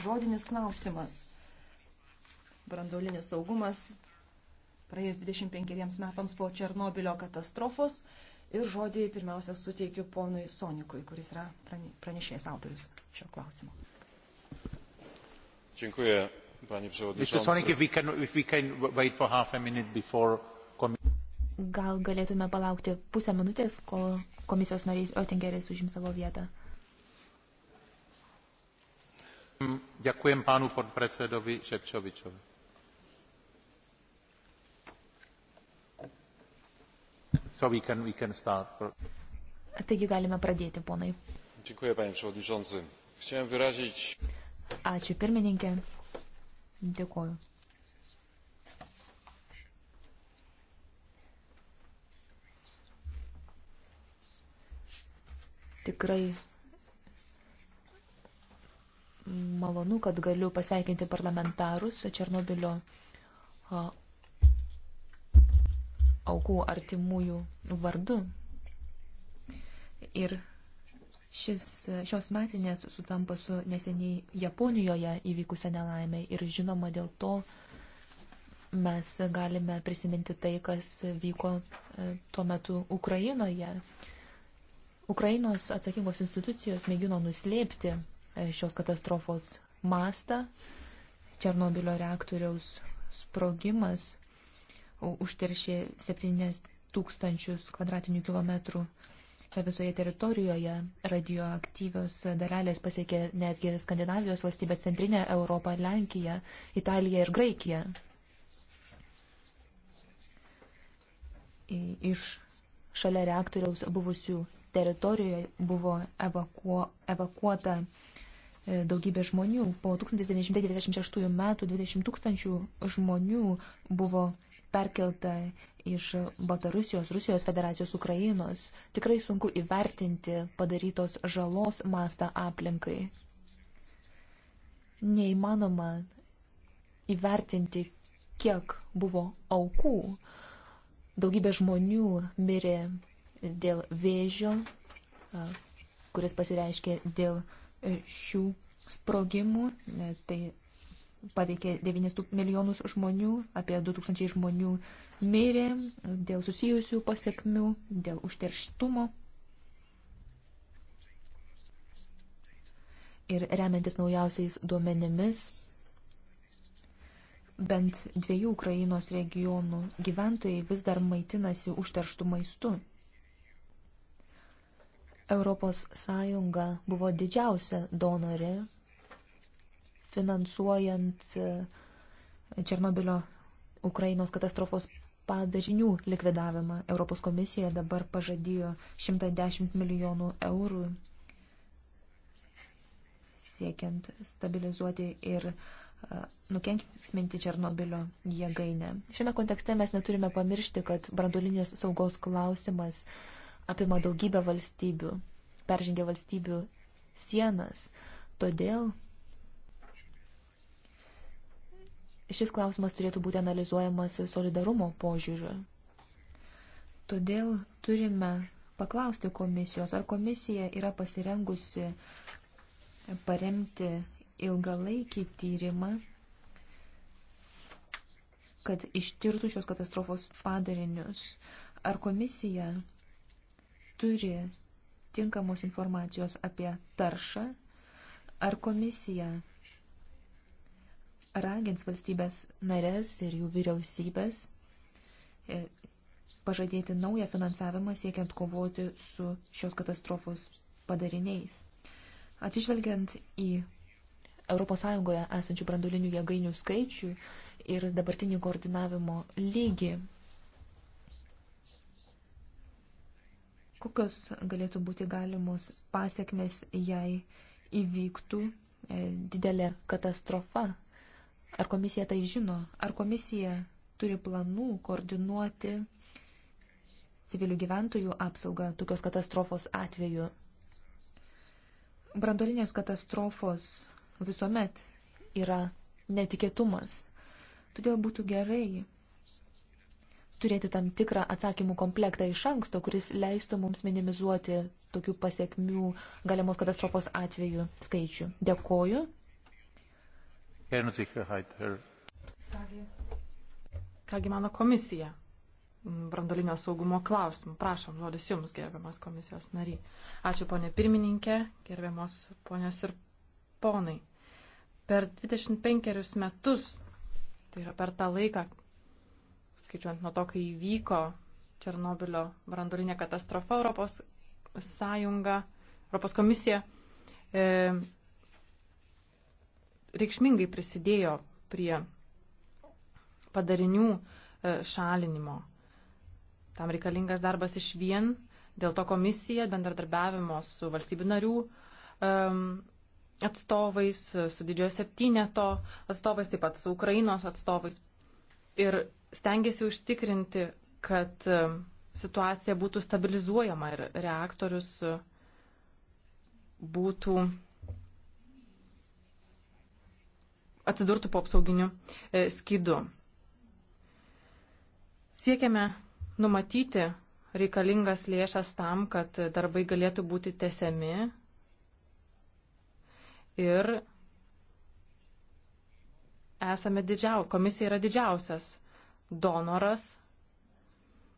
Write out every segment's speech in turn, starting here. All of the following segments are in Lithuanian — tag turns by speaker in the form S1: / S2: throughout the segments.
S1: žodinis klausimas. Brandolinis saugumas praėjus 25 metams po Černobilio katastrofos. Ir žodį pirmiausia suteikiu ponui Sonikui, kuris yra pranešėjas autorius šio klausimo.
S2: Dziękuję, panie przewodniczący.
S3: Gal galėtume palaukti pusę minutės, kol komisijos narys Oettingeris užims savo vietą.
S2: Ďakujem pánu podpredsedovi Šepčovičovi. So we can, we can start.
S3: Taigi galime pradėti, ponai.
S2: Dziękuję, panie przewodniczący. Chciałem wyrazić...
S3: Ačiū, pirmininkė. Dėkuoju. Tikrai malonu, kad galiu pasveikinti parlamentarus Černobilio aukų artimųjų vardu. Ir šis, šios metinės sutampa su neseniai Japonijoje įvykusią nelaimę ir žinoma dėl to mes galime prisiminti tai, kas vyko e, tuo metu Ukrainoje. Ukrainos atsakingos institucijos mėgino nuslėpti E, šios katastrofos mastą. Černobilio reaktoriaus sprogimas užteršė 7 tūkstančius kvadratinių kilometrų e, visoje teritorijoje. Radioaktyvios dalelės pasiekė netgi Skandinavijos valstybės centrinę Europą, Lenkiją, Italiją ir Graikiją. Iš šalia reaktoriaus buvusių teritorijoje buvo evakuo, evakuota e, daugybė žmonių. Po 1996 metų 20 tūkstančių žmonių buvo perkelta iš Baltarusijos, Rusijos federacijos Ukrainos. Tikrai sunku įvertinti padarytos žalos mastą aplinkai. Neįmanoma įvertinti, kiek buvo aukų. Daugybė žmonių mirė dėl vėžio, kuris pasireiškė dėl e, šių sprogimų. E, tai paveikė 9 milijonus žmonių, apie 2000 žmonių mirė e, dėl susijusių pasiekmių, dėl užterštumo. Ir remiantis naujausiais duomenimis, bent dviejų Ukrainos regionų gyventojai vis dar maitinasi užterštų maistu. Europos Sąjunga buvo didžiausia donorė finansuojant e, Černobilio Ukrainos katastrofos padarinių likvidavimą. Europos komisija dabar pažadėjo 110 milijonų eurų siekiant stabilizuoti ir e, nukenksminti Černobilio jėgainę. Šiame kontekste mes neturime pamiršti, kad brandulinės saugos klausimas uh, apima daugybę valstybių, peržengia valstybių sienas. Todėl šis klausimas turėtų būti analizuojamas solidarumo požiūriu. Todėl turime paklausti komisijos, ar komisija yra pasirengusi paremti ilgalaikį tyrimą, kad ištirtų šios katastrofos padarinius. Ar komisija turi tinkamos informacijos apie taršą, ar komisija ragins valstybės narės ir jų vyriausybės e, pažadėti naują finansavimą siekiant kovoti su šios katastrofos padariniais. Atsižvelgiant į ES esančių brandulinių jėgainių skaičių ir dabartinį koordinavimo lygį, Kokios galėtų būti galimos pasiekmes, jei įvyktų e, didelė katastrofa? Ar komisija tai žino? Ar komisija turi planų koordinuoti civilių gyventojų apsaugą tokios katastrofos atveju? Brandolinės katastrofos visuomet yra netikėtumas. Todėl būtų gerai, turėti tam tikrą atsakymų komplektą iš anksto, kuris leistų mums minimizuoti tokių pasiekmių galimos katastrofos atveju skaičių. Dėkoju.
S4: Kągi, kągi mano komisija brandolinio saugumo klausimų. Prašom, žodis Jums, gerbiamas komisijos nary. Ačiū, ponė pirmininkė, gerbiamos ponios ir ponai. Per 25 metus, tai yra per tą laiką, skaičiuojant nuo to, kai įvyko Černobilio brandolinė katastrofa, Europos sąjunga, Europos komisija e, reikšmingai prisidėjo prie padarinių e, šalinimo. Tam reikalingas darbas iš vien, dėl to komisija bendradarbiavimo su valstybių narių e, atstovais, su didžiojo septyneto atstovais, taip pat su Ukrainos atstovais. Ir stengiasi užtikrinti, kad um, situacija būtų stabilizuojama ir reaktorius uh, būtų atsidurtų po apsauginiu uh, skydu. Siekiame numatyti reikalingas lėšas tam, kad darbai galėtų būti tesiami ir esame didžiau, komisija yra didžiausias donoras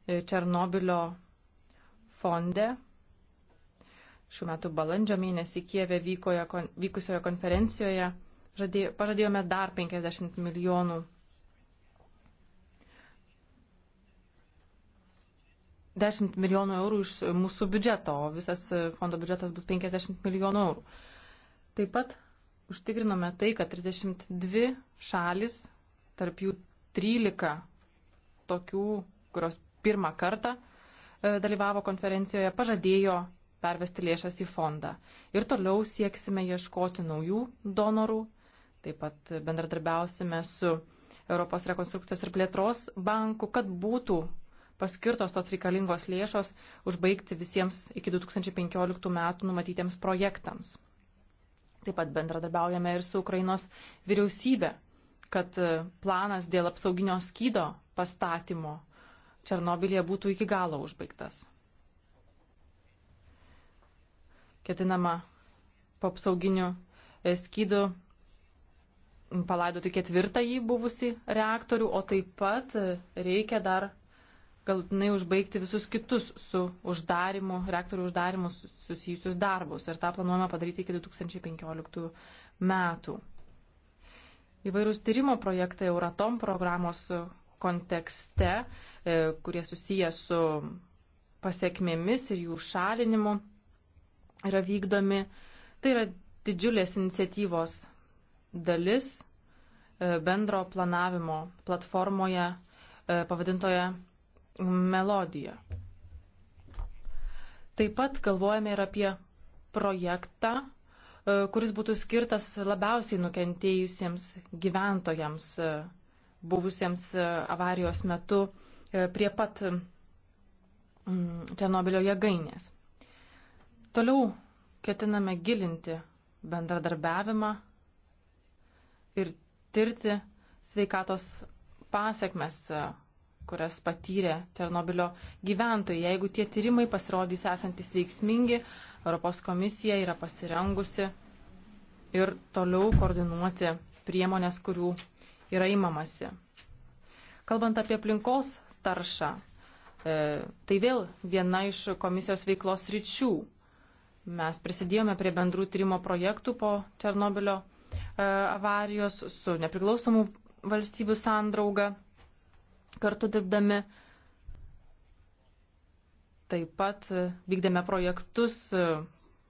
S4: e, Černobilio fonde. Šiuo metu balandžio mėnesį Kieve vykoje, vykusioje konferencijoje žadėjo, pažadėjome dar 50 milijonų. Dešimt milijonų eurų iš mūsų biudžeto, o visas fondo biudžetas bus 50 milijonų eurų. Taip pat užtikrinome tai, kad 32 šalis, tarp jų 13 tokių, kurios pirmą kartą e, dalyvavo konferencijoje, pažadėjo pervesti lėšas į fondą. Ir toliau sieksime ieškoti naujų donorų, taip pat bendradarbiausime su Europos rekonstrukcijos ir plėtros banku, kad būtų paskirtos tos reikalingos lėšos užbaigti visiems iki 2015 metų numatytiems projektams. Taip pat bendradarbiaujame ir su Ukrainos vyriausybė, kad e, planas dėl apsauginio skydo pastatymo Černobilėje būtų iki galo užbaigtas. Ketinama po apsauginiu e, skydu palaidoti ketvirtąjį buvusi reaktorių, o taip pat e, reikia dar galutinai užbaigti visus kitus su uždarimu, reaktorių uždarimu susijusius darbus. Ir tą planuojame padaryti iki 2015 metų. Įvairūs tyrimo projektai Euratom programos kontekste, e, kurie susiję su pasiekmėmis ir jų šalinimu, yra vykdomi. Tai yra didžiulės iniciatyvos dalis e, bendro planavimo platformoje e, pavadintoje Melodija. Taip pat galvojame ir apie projektą E, kuris būtų skirtas labiausiai nukentėjusiems gyventojams, e, buvusiems e, avarijos metu prie pat Černobilio jėgainės. Toliau ketiname gilinti bendradarbiavimą ir tirti sveikatos pasiekmes, kurias patyrė Černobilio gyventojai. Jeigu tie tyrimai pasirodys esantis veiksmingi, Europos komisija yra pasirengusi ir toliau koordinuoti priemonės, kurių yra įmamasi. Kalbant apie aplinkos taršą, e, tai vėl viena iš komisijos veiklos ryčių. Mes prisidėjome prie bendrų tyrimo projektų po Černobilio e, avarijos su nepriklausomų valstybių sandrauga, kartu dirbdami Taip pat e, vykdėme projektus e,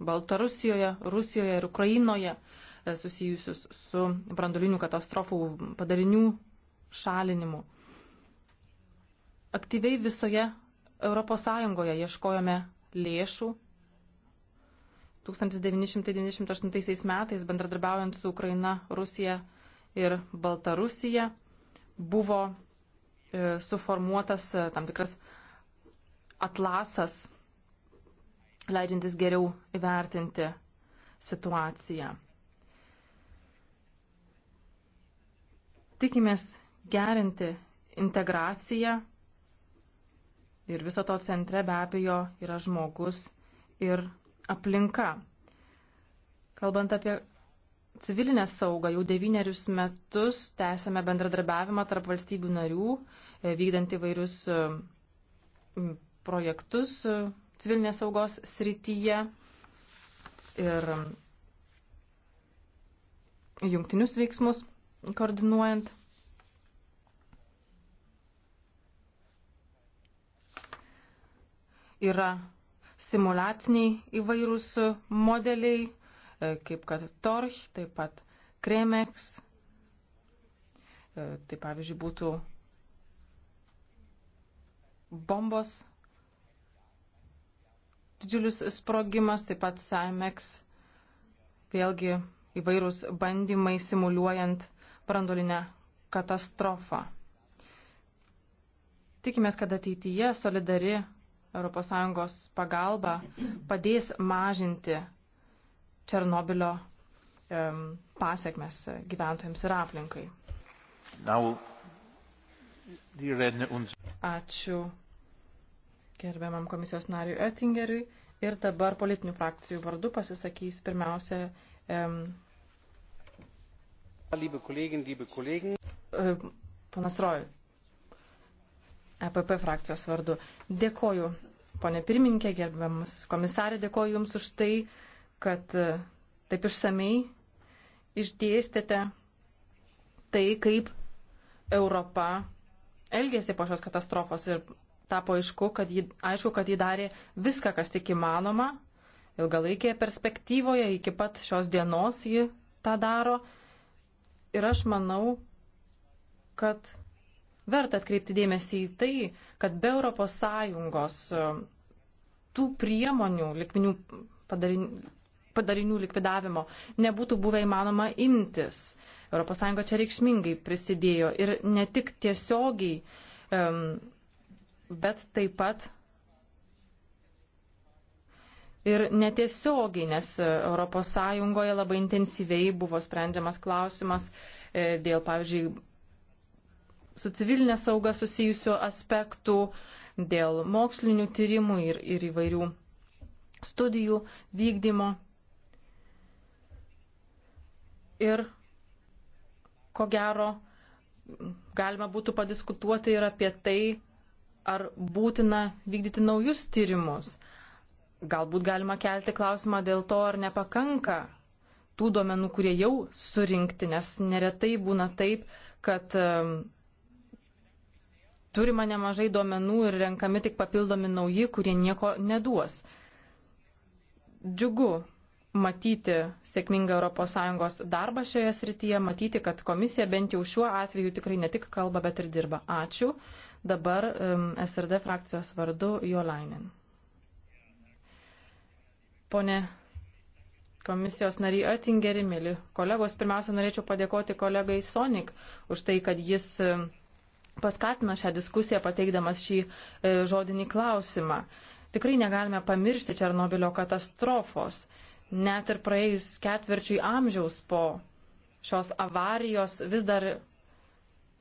S4: Baltarusijoje, Rusijoje ir Ukrainoje e, susijusius su brandolinių katastrofų padarinių šalinimu. Aktyviai visoje ES ieškojome lėšų. 1998 metais bendradarbiaujant su Ukraina, Rusija ir Baltarusija buvo suformuotas tam tikras atlasas, leidžiantis geriau įvertinti situaciją. Tikimės gerinti integraciją ir viso to centre be abejo yra žmogus ir aplinka. Kalbant apie civilinę saugą, jau devynerius metus tęsėme bendradarbiavimą tarp valstybių narių, vykdant įvairius projektus e, civilinės saugos srityje ir jungtinius veiksmus koordinuojant. Yra simulaciniai įvairūs modeliai, e, kaip kad Torch, taip pat Kremex. E, tai pavyzdžiui būtų bombos didžiulis sprogimas, taip pat SIMEX, vėlgi įvairūs bandymai simuliuojant brandolinę katastrofą. Tikimės, kad ateityje solidari ES pagalba padės mažinti Černobilio um, pasiekmes gyventojams ir aplinkai. Now, Ačiū gerbiamam komisijos nariui Ettingeriui. Ir dabar politinių frakcijų vardu pasisakys pirmiausia. Um,
S5: liebe Kolleginnen, liebe Kollegen.
S4: E, Panas Rojul, EPP frakcijos vardu. Dėkoju, ponė pirmininkė, gerbiamas komisarė, dėkoju Jums už tai, kad e, taip išsamei išdėstėte tai, kaip Europa elgėsi po šios katastrofos ir tapo aišku, kad ji, aišku, kad ji darė viską, kas tik įmanoma. Ilgalaikėje perspektyvoje iki pat šios dienos ji tą daro. Ir aš manau, kad verta atkreipti dėmesį į tai, kad be ES e, tų priemonių likminių padarinių, padarinių likvidavimo nebūtų buvę įmanoma imtis. ES čia reikšmingai prisidėjo ir ne tik tiesiogiai um, bet taip pat ir netiesiogiai, nes ES labai intensyviai buvo sprendžiamas klausimas e, dėl, pavyzdžiui, su civilinė sauga susijusių aspektų, dėl mokslinių tyrimų ir, ir įvairių studijų vykdymo. Ir ko gero, galima būtų padiskutuoti ir apie tai, ar būtina vykdyti naujus tyrimus. Galbūt galima kelti klausimą dėl to, ar nepakanka tų duomenų, kurie jau surinkti, nes neretai būna taip, kad turima nemažai duomenų ir renkami tik papildomi nauji, kurie nieko neduos. Džiugu matyti sėkmingą ES darbą šioje srityje, matyti, kad komisija bent jau šiuo atveju tikrai ne tik kalba, bet ir dirba. Ačiū. Dabar SRD frakcijos vardu Jolainin. Pone komisijos nariai Oettingeri, mėly kolegos, pirmiausia, norėčiau padėkoti kolegai Sonik už tai, kad jis paskatino šią diskusiją pateikdamas šį e, žodinį klausimą. Tikrai negalime pamiršti Černobilio katastrofos. Net ir praėjus ketvirčiui amžiaus po šios avarijos vis dar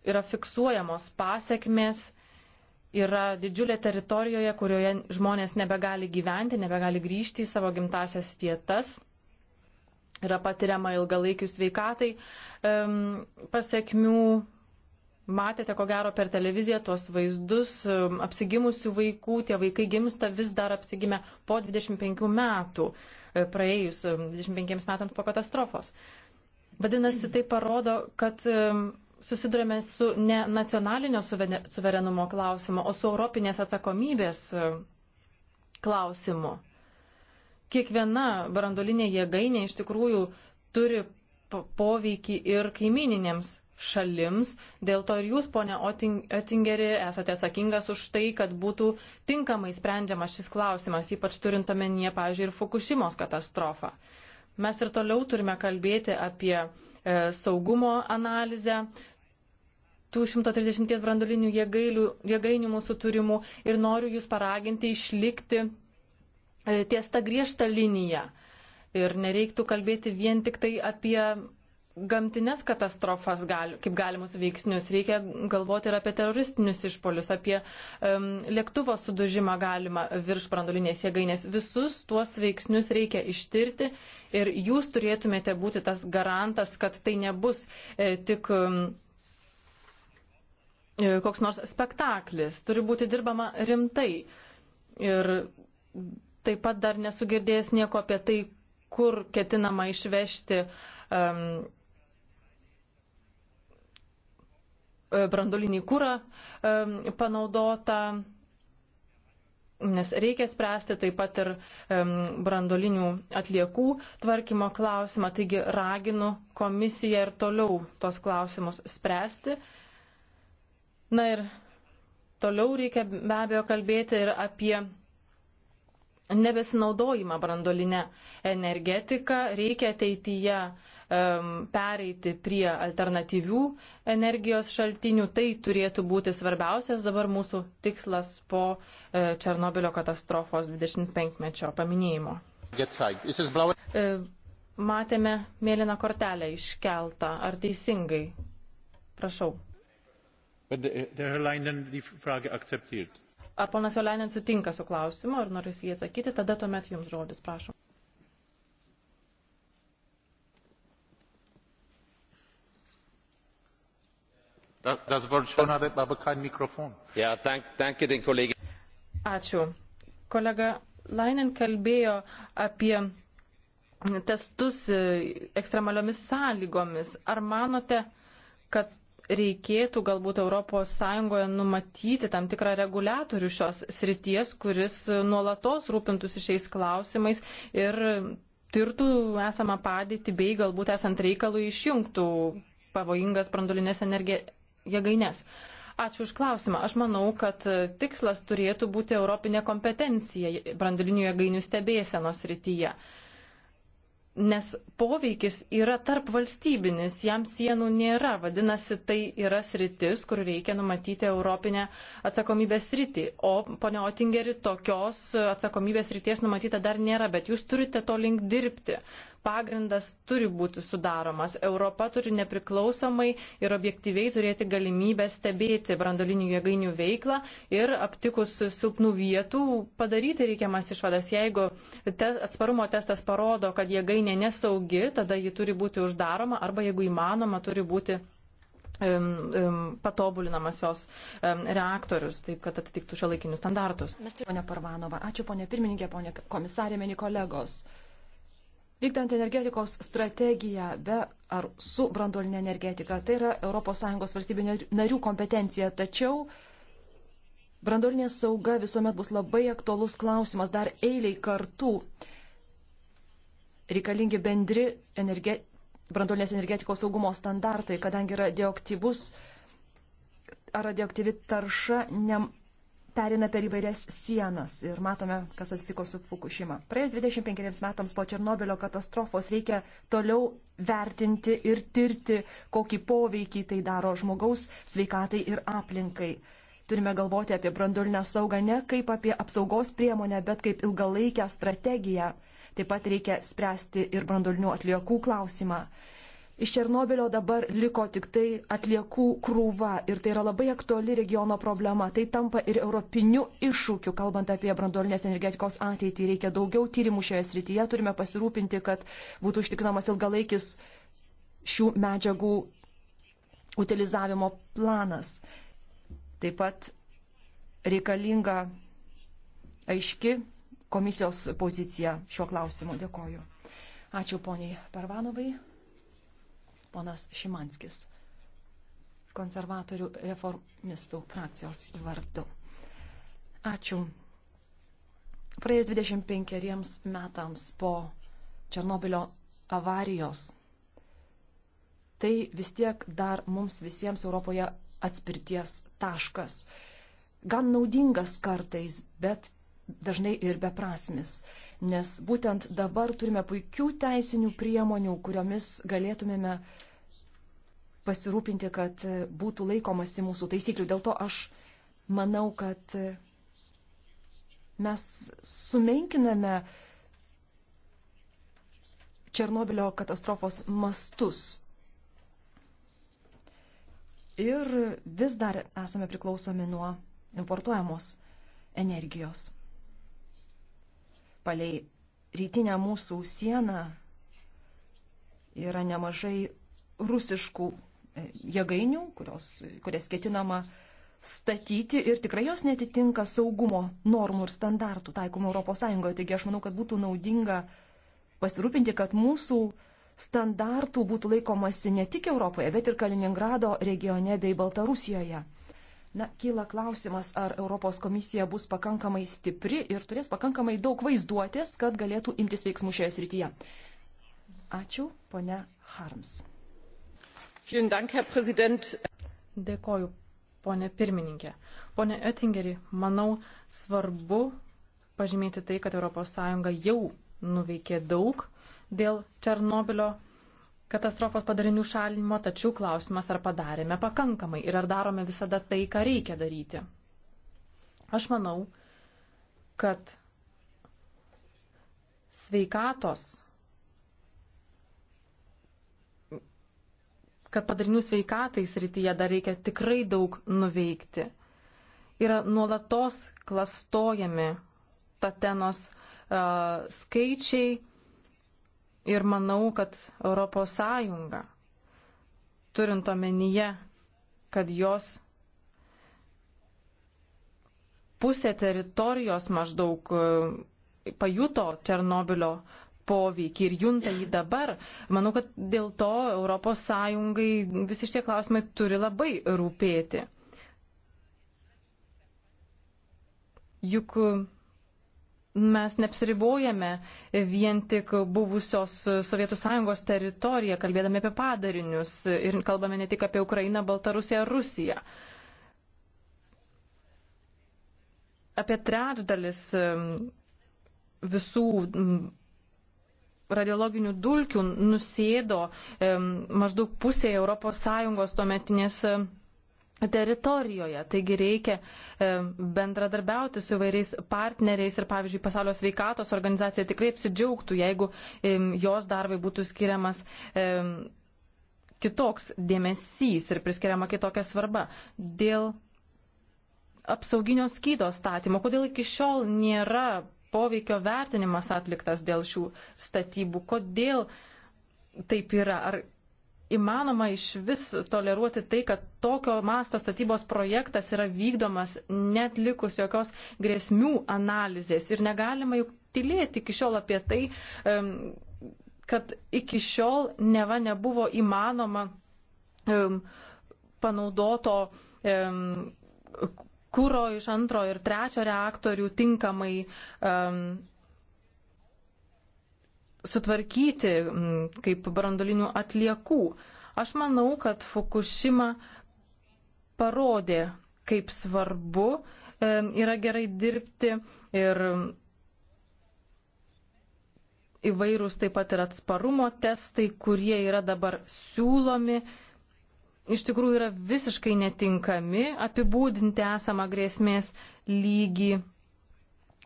S4: yra fiksuojamos pasiekmės, yra didžiulė teritorijoje, kurioje žmonės nebegali gyventi, nebegali grįžti į savo gimtasias vietas, yra patiriama ilgalaikių sveikatai um, pasiekmių. Matėte, ko gero, per televiziją tuos vaizdus um, apsigimusių vaikų, tie vaikai gimsta vis dar apsigimę po 25 metų, e, praėjus 25 metams po katastrofos. Vadinasi, tai parodo, kad um, susidurėme su ne nacionalinio suverenumo klausimu, o su europinės atsakomybės e, klausimu. Kiekviena brandolinė jėgainė iš tikrųjų turi poveikį ir kaimininėms šalims. Dėl to ir jūs, ponia Otingeri, esate atsakingas už tai, kad būtų tinkamai sprendžiamas šis klausimas, ypač turint omenyje, pavyzdžiui, ir Fukushimos katastrofą. Mes ir toliau turime kalbėti apie e, saugumo analizę, tų 130 brandolinių jėgailių, jėgainių mūsų turimų ir noriu jūs paraginti išlikti e, ties tą griežtą liniją. Ir nereiktų kalbėti vien tik tai apie gamtinės katastrofas gal, kaip galimus veiksnius. Reikia galvoti ir apie teroristinius išpolius, apie um, lėktuvo sudužimą galima virš brandulinės jėgainės. Visus tuos veiksnius reikia ištirti ir jūs turėtumėte būti tas garantas, kad tai nebus e, tik. Um, E, koks nors spektaklis, turi būti dirbama rimtai. Ir taip pat dar nesugirdėjęs nieko apie tai, kur ketinama išvežti um, e, brandolinį kūrą um, panaudotą, nes reikia spręsti taip pat ir um, brandolinių atliekų tvarkymo klausimą. Taigi raginu komisiją ir toliau tos klausimus spręsti. Uh, Na ir toliau reikia be abejo kalbėti ir apie nebesinaudojimą brandolinę energetiką. Reikia ateityje um, pereiti prie alternatyvių energijos šaltinių. Tai turėtų būti svarbiausias dabar mūsų tikslas po uh, e, Černobilio katastrofos 25-mečio paminėjimo.
S2: Uh,
S4: matėme mėlyną kortelę iškeltą. Ar teisingai? Prašau.
S2: Eh,
S4: ar ponas Jolainen sutinka su klausimu ir norės jį atsakyti, tada tuomet jums žodis, prašom. Ačiū. Kolega Lainin kalbėjo apie testus eh, ekstremaliomis sąlygomis. Ar manote, kad reikėtų galbūt ES numatyti tam tikrą reguliatorių šios srities, kuris nuolatos rūpintųsi šiais klausimais ir tirtų esamą padėtį bei galbūt esant reikalui išjungtų pavojingas brandulinės energijos jėgainės. Ačiū už klausimą. Aš manau, kad tikslas turėtų būti europinė kompetencija brandulinių jėgainių stebėsenos rytyje. Uh, nes poveikis yra tarp valstybinis, jam sienų nėra. Vadinasi, tai yra sritis, kur reikia numatyti Europinę atsakomybės sritį. O, ponia Otingeri, tokios atsakomybės srities numatyta dar nėra, bet jūs turite to link dirbti pagrindas turi būti sudaromas. Europa turi nepriklausomai ir objektyviai turėti galimybę stebėti brandolinių jėgainių veiklą ir aptikus silpnų vietų padaryti reikiamas išvadas. Jeigu te, atsparumo testas parodo, kad jėgainė nesaugi, tada ji turi būti uždaroma arba jeigu įmanoma turi būti patobulinamas jos reaktorius, taip
S1: kad atitiktų šio laikinius standartus. Mes, ponia Parvanova, ačiū ponia pirmininkė, ponia komisarė, meni kolegos. Vykdant energetikos strategiją be ar su brandolinė energetika, tai yra ES valstybių narių kompetencija, tačiau brandolinė sauga visuomet bus labai aktuolus klausimas dar eiliai kartų. Reikalingi bendri energe... brandolinės energetikos saugumo standartai, kadangi radioaktyvus ar radioaktyvi tarša ne perina per įvairias sienas ir matome, kas atsitiko su Fukushima. Praėjus 25 metams po Černobilio katastrofos reikia toliau vertinti ir tirti, kokį poveikį tai daro žmogaus sveikatai ir aplinkai. Turime galvoti apie brandulinę saugą ne kaip apie apsaugos priemonę, bet kaip ilgalaikę strategiją. Taip pat reikia spręsti ir brandulinių atliekų klausimą. Iš Černobilio dabar liko tik tai atliekų krūva ir tai yra labai aktuali regiono problema. Tai tampa ir europiniu iššūkiu, kalbant apie branduolinės energetikos ateitį. Reikia daugiau tyrimų šioje srityje, turime pasirūpinti, kad būtų užtikrinamas ilgalaikis šių medžiagų utilizavimo planas. Taip pat reikalinga aiški komisijos pozicija šiuo klausimu. Dėkoju. Ačiū poniai Parvanovai ponas Šimanskis, konservatorių reformistų frakcijos vardu. Ačiū. Praėjus 25 metams po Černobilio avarijos, tai vis tiek dar mums visiems Europoje atspirties taškas. Gan naudingas kartais, bet dažnai ir beprasmis nes būtent dabar turime puikių teisinių priemonių, kuriomis galėtumėme pasirūpinti, kad būtų laikomasi mūsų taisyklių. Dėl to aš manau, kad mes sumenkiname Černobilio katastrofos mastus. Ir vis dar esame priklausomi nuo importuojamos energijos palei rytinę mūsų sieną yra nemažai rusiškų e, jėgainių, kurios, kurias ketinama statyti ir tikrai jos netitinka saugumo normų ir standartų taikomų ES. Taigi aš manau, kad būtų naudinga pasirūpinti, kad mūsų standartų būtų laikomasi ne tik Europoje, bet ir Kaliningrado regione bei Baltarusijoje. Na, kyla klausimas, ar Europos komisija bus pakankamai stipri ir turės pakankamai daug vaizduotės, kad galėtų imtis veiksmų šioje srityje. Ačiū, ponia Harms.
S4: Dėkoju, ponė pirmininkė. Pone Oettingeri, manau svarbu pažymėti tai, kad ES jau nuveikė daug dėl Černobilio katastrofos padarinių šalinimo, tačiau klausimas, ar padarėme pakankamai ir ar darome visada tai, ką reikia daryti. Aš manau, kad sveikatos, kad padarinių sveikatai srityje dar reikia tikrai daug nuveikti. Yra nuolatos klastojami tatenos uh, skaičiai, Ir manau, kad Europos Sąjunga, turint omenyje, kad jos pusė teritorijos maždaug e, pajuto Černobilio poveikį ir junta jį dabar, manau, kad dėl to Europos Sąjungai visi šie klausimai turi labai rūpėti. Juk mes neapsiribojame vien tik buvusios Sovietų Sąjungos teritoriją, kalbėdami apie padarinius ir kalbame ne tik apie Ukrainą, Baltarusiją, Rusiją. Apie trečdalis visų radiologinių dulkių nusėdo maždaug pusėje Europos Sąjungos tuometinės teritorijoje. Taigi reikia e, bendradarbiauti su įvairiais partneriais ir, pavyzdžiui, pasaulio sveikatos organizacija tikrai apsidžiaugtų, jeigu jos darbai būtų skiriamas kitoks dėmesys ir priskiriama kitokia svarba. Dėl apsauginio skydo statymo, kodėl iki šiol nėra poveikio vertinimas atliktas dėl šių statybų, kodėl taip yra, ar įmanoma iš vis toleruoti tai, kad tokio masto statybos projektas yra vykdomas net likus jokios grėsmių analizės ir negalima juk tylėti iki šiol apie tai, kad iki šiol neva nebuvo įmanoma panaudoto kūro iš antro ir trečio reaktorių tinkamai sutvarkyti kaip brandolinių atliekų. Aš manau, kad Fukushima parodė, kaip svarbu e, yra gerai dirbti ir įvairūs taip pat ir atsparumo testai, kurie yra dabar siūlomi, iš tikrųjų yra visiškai netinkami apibūdinti esamą grėsmės lygį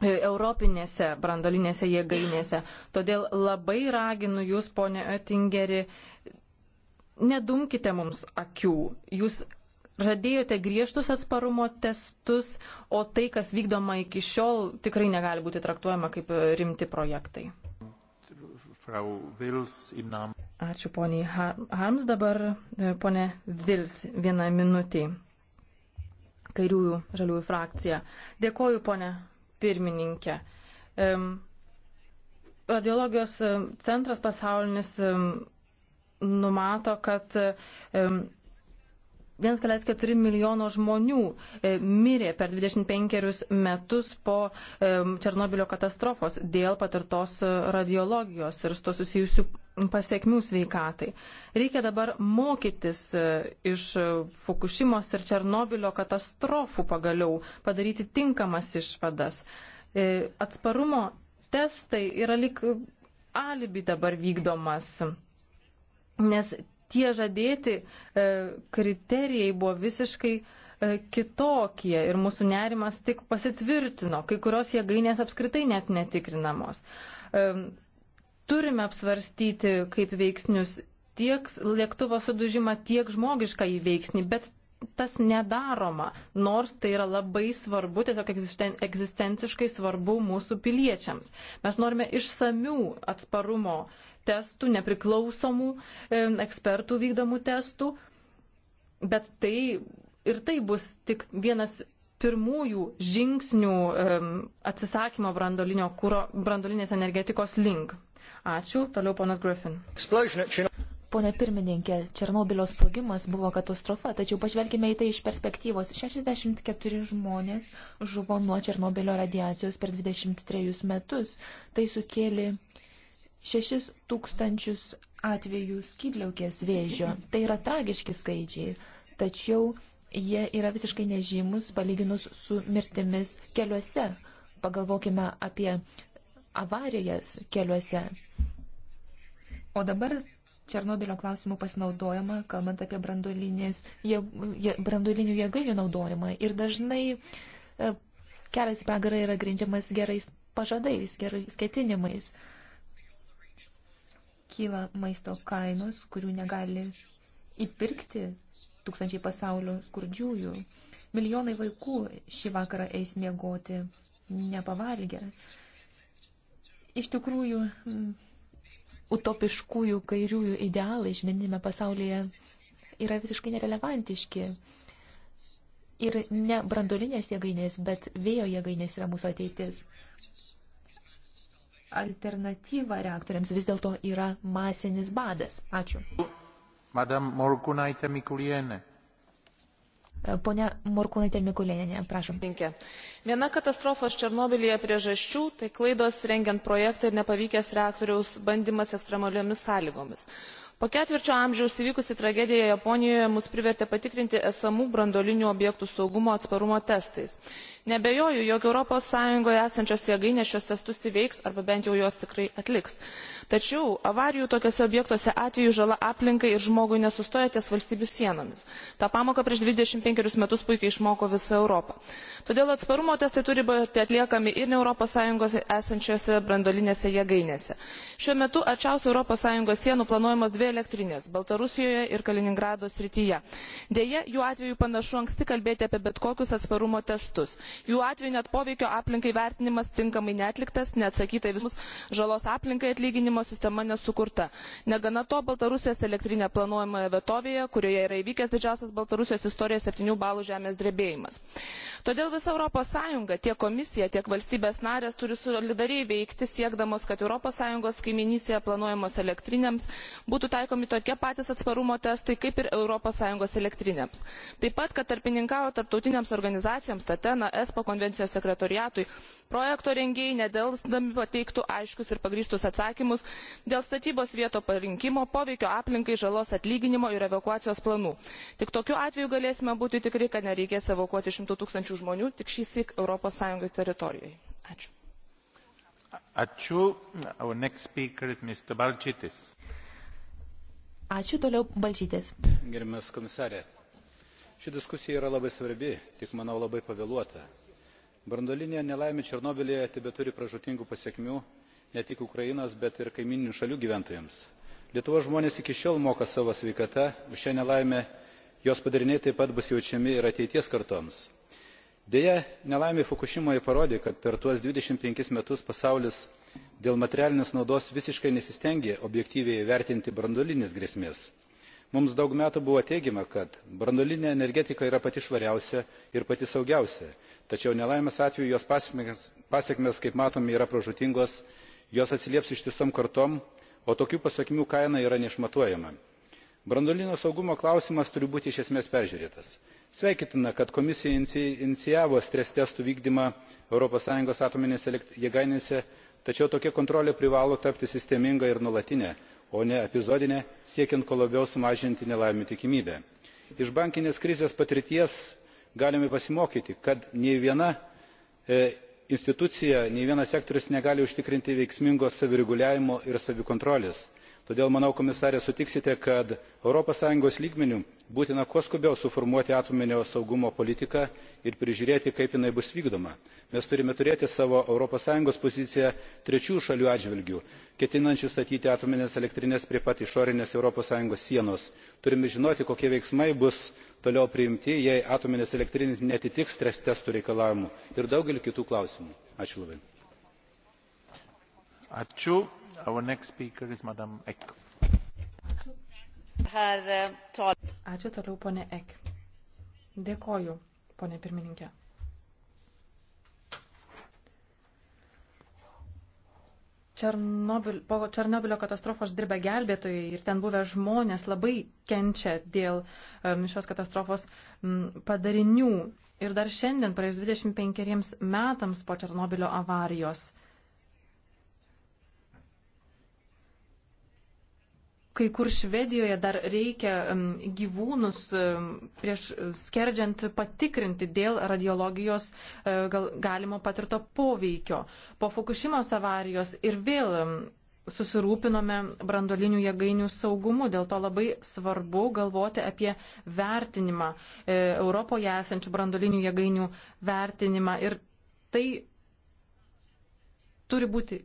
S4: E, europinėse brandolinėse jėgainėse. Todėl labai raginu jūs, ponė Oettingeri, nedumkite mums akių. Jūs žadėjote griežtus atsparumo testus, o tai, kas vykdoma iki šiol, tikrai negali būti traktuojama kaip e, rimti projektai. Ačiū poniai Harms, dabar e, ponė Vils vieną minutį. Kairiųjų žaliųjų frakcija. Dėkoju, ponė pirmininkė. Radiologijos centras pasaulinis numato, kad 1,4 milijono žmonių e, mirė per 25 metus po e, Černobilio katastrofos dėl patirtos e, radiologijos ir su to susijusių pasiekmių sveikatai. Reikia dabar mokytis iš Fukushimos ir Černobilio katastrofų pagaliau, padaryti tinkamas išvadas. Atsparumo testai yra lik alibi dabar vykdomas, nes tie žadėti e, kriterijai buvo visiškai e, kitokie ir mūsų nerimas tik pasitvirtino, kai kurios jėgainės apskritai net netikrinamos. E, turime apsvarstyti kaip veiksnius tiek lėktuvo sudužimą, tiek žmogišką įveiksnį, bet tas nedaroma, nors tai yra labai svarbu, tiesiog egzisten, egzistenciškai svarbu mūsų piliečiams. Mes norime išsamių atsparumo testų, nepriklausomų e, ekspertų vykdomų testų, bet tai ir tai bus tik vienas pirmųjų žingsnių e, atsisakymo brandolinio kūro, brandolinės energetikos link. Ačiū. Toliau ponas Griffin. Pone pirmininkė, Černobilio
S3: sprogimas buvo katastrofa, tačiau pažvelkime į tai iš perspektyvos. 64 žmonės žuvo nuo Černobilio radiacijos per 23 metus. Tai sukėlė 6 tūkstančius atvejų skydliaukės vėžio. Tai yra tragiški skaičiai, tačiau jie yra visiškai nežymus palyginus su mirtimis keliuose. Pagalvokime apie avarijas keliuose. O dabar Černobilio klausimų pasinaudojama, kalbant apie branduolinių jėgainių naudojimą. Ir dažnai e, kelias į pragarą yra grindžiamas gerais pažadais, gerais ketinimais kyla maisto kainos, kurių negali įpirkti tūkstančiai pasaulio skurdžiųjų. Milijonai vaikų šį vakarą eis miegoti nepavalgę. Iš tikrųjų, utopiškųjų kairiųjų idealai šiandienime pasaulyje yra visiškai nerelevantiški. Ir ne brandolinės jėgainės, bet vėjo jėgainės yra mūsų ateitis alternatyva reaktoriams vis dėlto yra masinis badas. Ačiū.
S2: Madam Morkunaitė Mikulienė.
S3: Pone Morkūnaitė Mikulėnė, prašom.
S6: Viena katastrofos Černobilyje priežasčių - tai klaidos rengiant projektą ir nepavykęs reaktoriaus bandymas ekstremaliomis sąlygomis. Po ketvirčio amžiaus įvykusi tragedija Japonijoje mus privertė patikrinti esamų brandolinių objektų saugumo atsparumo testais neabejoju jog europos sąjungoje esančios jėgainės šiuos testus įveiks arba bent jau juos tikrai atliks tačiau avarijų tokiuose objektuose atveju žala aplinkai ir žmogui nesustoja ties valstybių sienomis tą pamoką prieš dvidešimt penkerius metus puikiai išmoko visa europa todėl atsparumo testai turi būti atliekami ir ne europos sąjungoje esančiose branduolinėse jėgainėse. šiuo metu arčiausiai europos sąjungos sienų planuojamos dvi elektrinės baltarusijoje ir kaliningrado srityje. deja jų atveju panašu anksti kalbėti apie bet kokius atsparumo testus jų atveju net poveikio aplinkai vertinimas tinkamai neatliktas neatsakyta į visus žalos aplinkai atlyginimo sistema nesukurta. negana to baltarusijos elektrinė planuojamoje vietovėje kurioje yra įvykęs didžiausias baltarusijos istorijoje septynių balų žemės drebėjimas. todėl visa europos sąjunga tiek komisija tiek valstybės narės turi solidariai veikti siekdamos kad europos sąjungos kaimynystėje planuojamoms elektrinėms būtų taikomi tokie patys atsparumo testai kaip ir europos sąjungos elektrinėms taip pat kad tarpininkaujant tarptautinėms organizacijoms tatena espo konvencijos sekretoriatui projekto rengėjai nedelsdami pateiktų aiškius ir pagrįstus atsakymus dėl statybos vietos parinkimo poveikio aplinkai žalos atlyginimo ir evakuacijos planų. tik tokiu atveju galėsime būti tikri kad nereikės evakuoti šimtų tūkstančių žmonių tik šįsyk europos sąjungos teritorijoje. ačiū.
S2: Ačiū. Our next
S5: speaker is Mr. Balčytis.
S3: Ačiū toliau Balčytis.
S5: Gerimas komisarė, ši diskusija yra labai svarbi tik manau labai pavėluota. branduolinė nelaimė černobylyje tebeturi pražūtingų pasekmių ne tik ukrainos bet ir kaimyninių šalių gyventojams. lietuvos žmonės iki šiol moka savo sveikata už šią nelaimę jos padariniai taip pat bus jaučiami ir ateities kartoms. deja nelaimė fukušimoje parodė kad per tuos dvidešimt penkis metus pasaulis dėl materialinės naudos visiškai nesistengė objektyviai įvertinti branduolinės grėsmės mums daug metų buvo teigiama kad branduolinė energetika yra pati švariausia ir pati saugiausia tačiau nelaimės atveju jos pasekmės kaip matome yra pražūtingos jos atsilieps ištisoms kartoms o tokių pasekmių kaina yra neišmatuojama. branduolinio saugumo klausimas turi būti iš esmės peržiūrėtas. sveikintina kad komisija inicijavo stres testų vykdymą europos sąjungos atominėse jėgainėse tačiau tokia kontrolė privalo tapti sisteminga ir nuolatine o ne epizodinė siekiant kuo labiau sumažinti nelaimių tikimybę. iš bankinės krizės patirties galime pasimokyti kad nė viena e, institucija nė vienas sektorius negali užtikrinti veiksmingo savireguliavimo ir savikontrolės todėl manau komisare sutiksite kad europos sąjungos lygmeniu būtina kuo skubiau suformuoti atominio saugumo politiką ir prižiūrėti kaip ji bus vykdoma. mes turime turėti savo europos sąjungos poziciją trečiųjų šalių atžvilgiu ketinančių statyti atomines elektrines prie pat išorinės europos sąjungos sienos. turime žinoti kokie veiksmai bus toliau priimti jei atominės elektrinės neatitiks stres testų reikalavimų ir daugelį kitų klausimų. ačiū labai.
S2: Eh,
S4: Ačiū toliau, ponė Ek. Dėkoju, ponė pirmininkė. Černobil, po Černobilio katastrofos dirbę gelbėtojai ir ten buvę žmonės labai kenčia dėl um, šios katastrofos um, padarinių. Ir dar šiandien, praėjus 25 metams po Černobilio avarijos, uh, kai kur Švedijoje dar reikia gyvūnus prieš skerdžiant patikrinti dėl radiologijos e, gal, galimo patirto poveikio. Po Fukushimos avarijos ir vėl susirūpinome brandolinių jėgainių saugumu, dėl to labai svarbu galvoti apie vertinimą, e, Europoje esančių brandolinių jėgainių vertinimą ir tai turi būti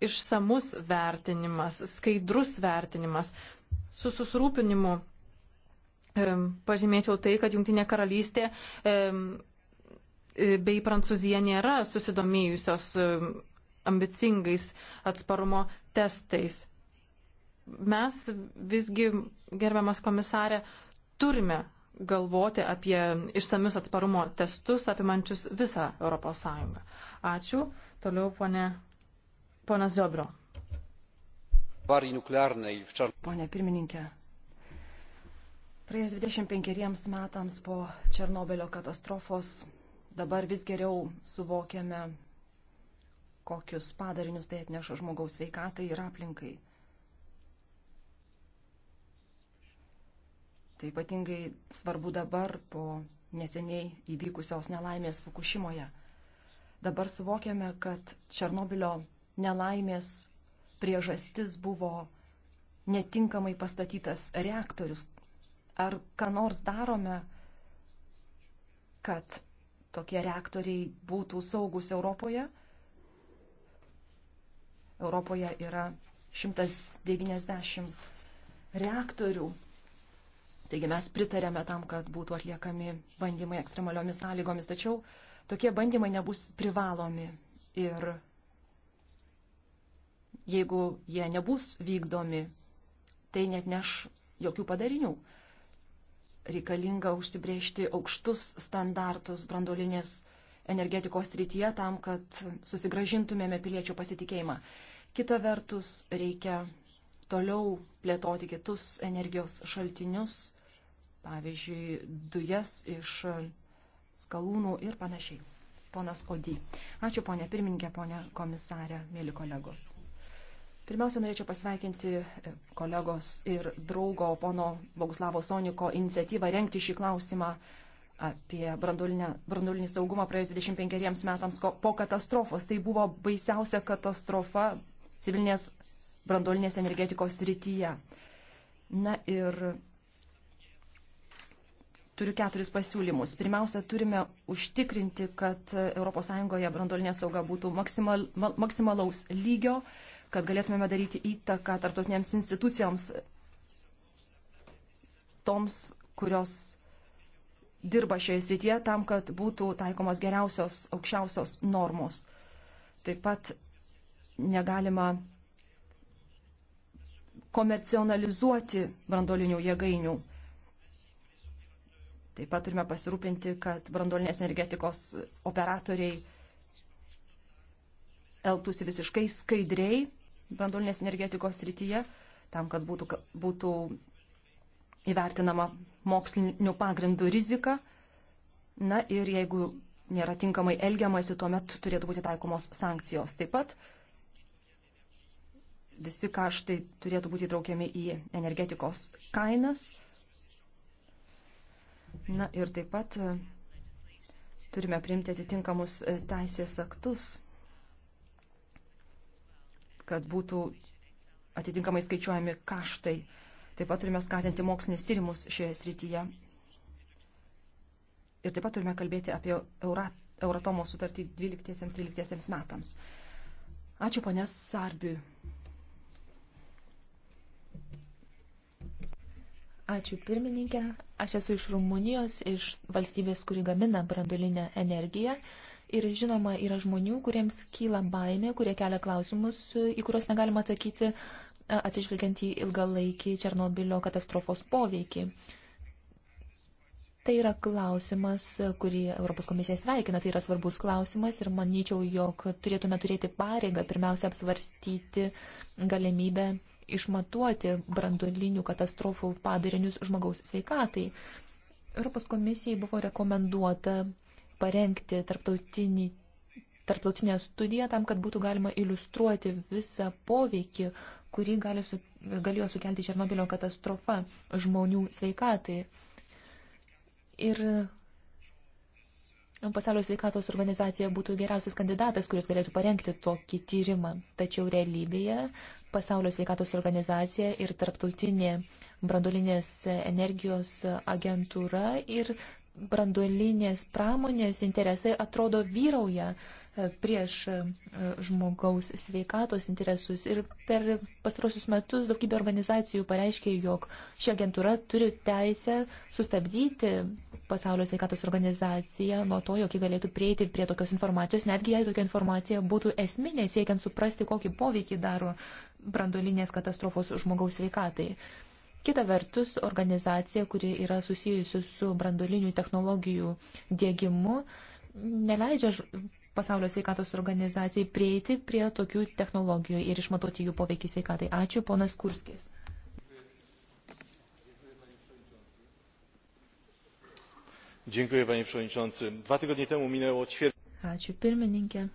S4: išsamus vertinimas, skaidrus vertinimas. Su susirūpinimu e, pažymėčiau tai, kad Junktinė karalystė e, bei Prancūzija nėra susidomėjusios e, ambicingais atsparumo testais. Mes visgi, gerbiamas komisarė, turime galvoti apie išsamius atsparumo testus apimančius visą ES. Ačiū. Toliau, ponė Ponas Ziobro.
S5: Pone
S1: pirmininkė, praėjus 25 metams po Černobilio katastrofos dabar vis geriau suvokiame, kokius padarinius tai atneša žmogaus veikatai ir aplinkai. Tai ypatingai svarbu dabar po neseniai įvykusios nelaimės Fukushimoje. Dabar suvokiame, kad Černobilio nelaimės priežastis buvo netinkamai pastatytas reaktorius. Ar ką nors darome, kad tokie reaktoriai būtų saugus Europoje? Europoje yra 190 reaktorių. Taigi mes pritarėme tam, kad būtų atliekami bandymai ekstremaliomis sąlygomis, tačiau tokie bandymai nebus privalomi ir jeigu jie nebus vykdomi, tai net neš jokių padarinių. Reikalinga užsibriežti aukštus standartus brandolinės energetikos rytyje tam, kad susigražintumėme piliečių pasitikėjimą. Kita vertus, reikia toliau plėtoti kitus energijos šaltinius, pavyzdžiui, dujas iš skalūnų ir panašiai ponas Odį. Ačiū ponė pirmininkė, ponė komisarė, mėly kolegos. Pirmiausia, norėčiau pasveikinti e, kolegos ir draugo pono Boguslavo Soniko iniciatyvą renkti šį klausimą apie branduolinį saugumą praėjus 25 metams po katastrofos. Tai buvo baisiausia katastrofa civilinės branduolinės energetikos srityje. Na ir turiu keturis pasiūlymus. Pirmiausia, turime užtikrinti, kad ES branduolinė sauga būtų maksimal, maksimalaus lygio. Uh, kad galėtumėme daryti įtaką tarptautinėms institucijoms, toms, kurios dirba šioje srityje, tam, kad būtų taikomos geriausios, aukščiausios normos. Taip pat negalima komercionalizuoti brandolinių jėgainių. Taip pat turime pasirūpinti, kad brandolinės energetikos operatoriai elgtųsi visiškai skaidriai brandulinės energetikos srityje, tam, kad būtų, būtų įvertinama mokslinių pagrindų rizika. Na ir jeigu nėra tinkamai elgiamasi, tuomet turėtų būti taikomos sankcijos. Taip pat visi kaštai turėtų būti įtraukiami į energetikos kainas. Na ir taip pat turime priimti atitinkamus teisės aktus kad būtų atitinkamai skaičiuojami kaštai. Taip pat turime skatinti mokslinis tyrimus šioje srityje. Ir taip pat turime kalbėti apie Eurat, Euratomo sutartį 12-13 metams. Ačiū, ponės Sarbiui. Ačiū pirmininkė.
S3: Aš esu iš Rumunijos, iš valstybės, kuri gamina brandulinę energiją. Ir žinoma, yra žmonių, kuriems kyla baimė, kurie kelia klausimus, į kuriuos negalima atsakyti atsižvelgiant į ilgalaikį Černobilio katastrofos poveikį. Tai yra klausimas, kurį Europos komisija sveikina, tai yra svarbus klausimas ir manyčiau, jog turėtume turėti pareigą pirmiausia apsvarstyti galimybę išmatuoti brandolinių katastrofų padarinius žmogaus sveikatai. Europos komisijai buvo rekomenduota parengti tarptautinį tarptautinę studiją tam, kad būtų galima iliustruoti visą poveikį, kurį gali su, galėjo sukelti Černobilio katastrofa žmonių sveikatai. Ir Pasaulio sveikatos organizacija būtų geriausias kandidatas, kuris galėtų parengti tokį tyrimą. Tačiau realybėje Pasaulio sveikatos organizacija ir tarptautinė brandolinės energijos agentūra ir branduolinės pramonės interesai atrodo vyrauja e, prieš e, žmogaus sveikatos interesus. Ir per pastarosius metus daugybė organizacijų pareiškė, jog ši agentūra turi teisę sustabdyti pasaulio sveikatos organizaciją nuo to, jog ji galėtų prieiti prie tokios informacijos, netgi jei tokia informacija būtų esminė, siekiant suprasti, kokį poveikį daro brandolinės katastrofos žmogaus sveikatai. Kita vertus, organizacija, kuri yra susijusi su brandolinių technologijų dėgymu, neleidžia pasaulio sveikatos organizacijai prieiti prie tokių technologijų ir išmatuoti jų poveikį sveikatai. Ačiū, ponas Kurskis.
S2: Dziękuję, panie przewodniczący. Dwa tygodnie temu minęło ćwierć.
S3: Ačiū, pirmininkė.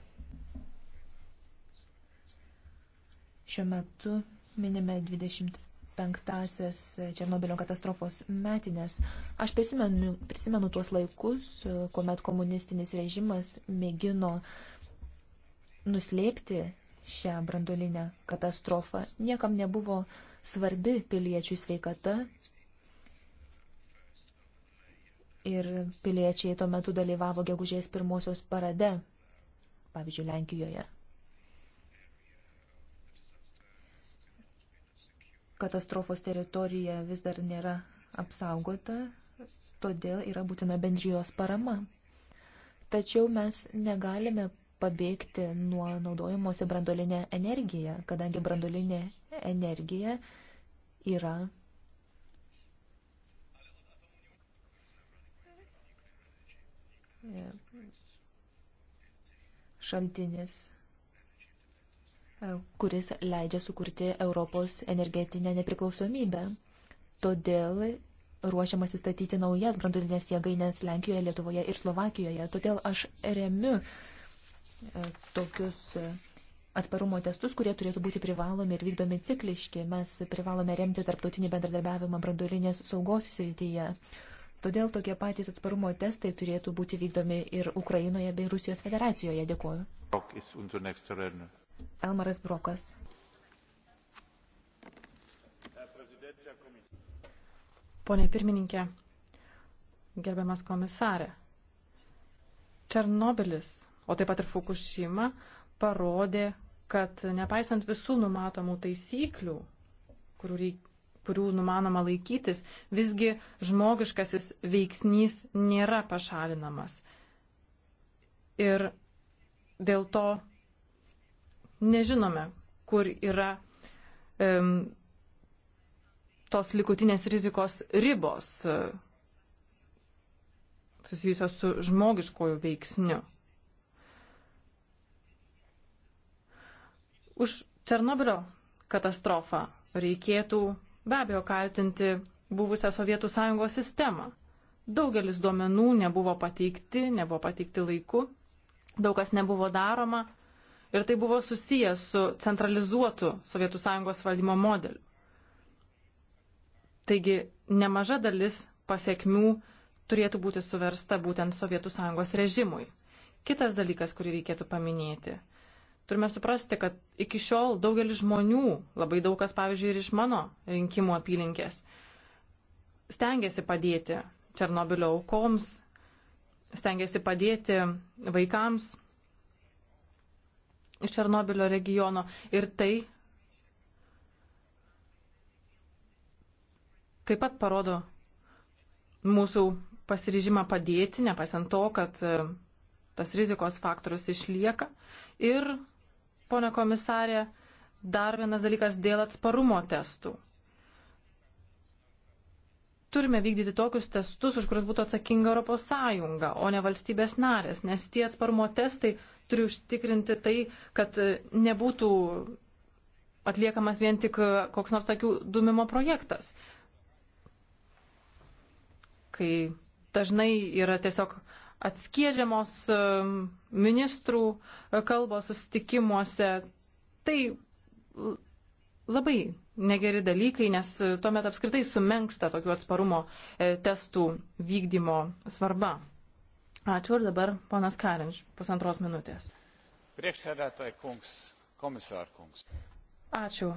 S3: Šiuo metu minime 20 penktasias Černobilio katastrofos metinės. Aš prisimenu, prisimenu tuos laikus, kuomet komunistinis režimas mėgino nuslėpti šią brandolinę katastrofą. Niekam nebuvo svarbi piliečių sveikata. Ir piliečiai tuo metu dalyvavo gegužės pirmosios parade, pavyzdžiui, Lenkijoje. katastrofos teritorija vis dar nėra apsaugota, todėl yra būtina bendrijos parama. Tačiau mes negalime pabėgti nuo naudojimuose brandolinė energija, kadangi brandolinė energija yra šaltinis kuris leidžia sukurti Europos energetinę nepriklausomybę. Todėl ruošiamasi statyti naujas brandulinės jėgainės Lenkijoje, Lietuvoje ir Slovakijoje. Todėl aš remiu e, tokius e, atsparumo testus, kurie turėtų būti privalomi ir vykdomi cikliški. Mes privalome remti tarptautinį bendradarbiavimą brandulinės saugos srityje. Todėl tokie patys atsparumo testai turėtų būti vykdomi ir Ukrainoje bei Rusijos federacijoje.
S2: Dėkuoju.
S4: Elmaras Brokas. Pone pirmininkė, gerbiamas komisarė, Černobilis, o taip pat ir Fukushima, parodė, kad nepaisant visų numatomų taisyklių, kurių, reik, kurių numanoma laikytis, visgi žmogiškasis veiksnys nėra pašalinamas. Ir dėl to nežinome, kur yra um, tos likutinės rizikos ribos e, susijusios su žmogiškojų veiksniu. Už Černobilio katastrofą reikėtų be abejo kaltinti buvusią Sovietų sąjungos sistemą. Daugelis duomenų nebuvo pateikti, nebuvo pateikti laiku, daug kas nebuvo daroma Ir tai buvo susijęs su centralizuotu Sovietų Sąjungos valdymo modeliu. Taigi nemaža dalis pasiekmių turėtų būti suversta būtent Sovietų Sąjungos režimui. Kitas dalykas, kurį reikėtų paminėti. Turime suprasti, kad iki šiol daugelis žmonių, labai daug kas, pavyzdžiui, ir iš mano rinkimų apylinkės, stengiasi padėti Černobilio aukoms, stengiasi padėti vaikams, Černobilio regiono. Ir tai taip pat parodo mūsų pasiryžimą padėti, nepaisant to, kad e, tas rizikos faktorius išlieka. Ir, ponia komisarė, dar vienas dalykas dėl atsparumo testų. Turime vykdyti tokius testus, už kuriuos būtų atsakinga Europos Sąjunga, o ne valstybės narės, nes tie atsparumo testai turi užtikrinti tai, kad nebūtų atliekamas vien tik koks nors tokių dumimo projektas. Kai dažnai yra tiesiog atskiedžiamos um, ministrų uh, kalbos susitikimuose, tai labai negeri dalykai, nes uh, tuomet apskritai sumenksta tokių atsparumo uh, testų vykdymo svarba. Ačiū ir dabar ponas Karinč, pusantros minutės.
S2: Priekšsėdėtai kungs, komisar kungs.
S4: Ačiū,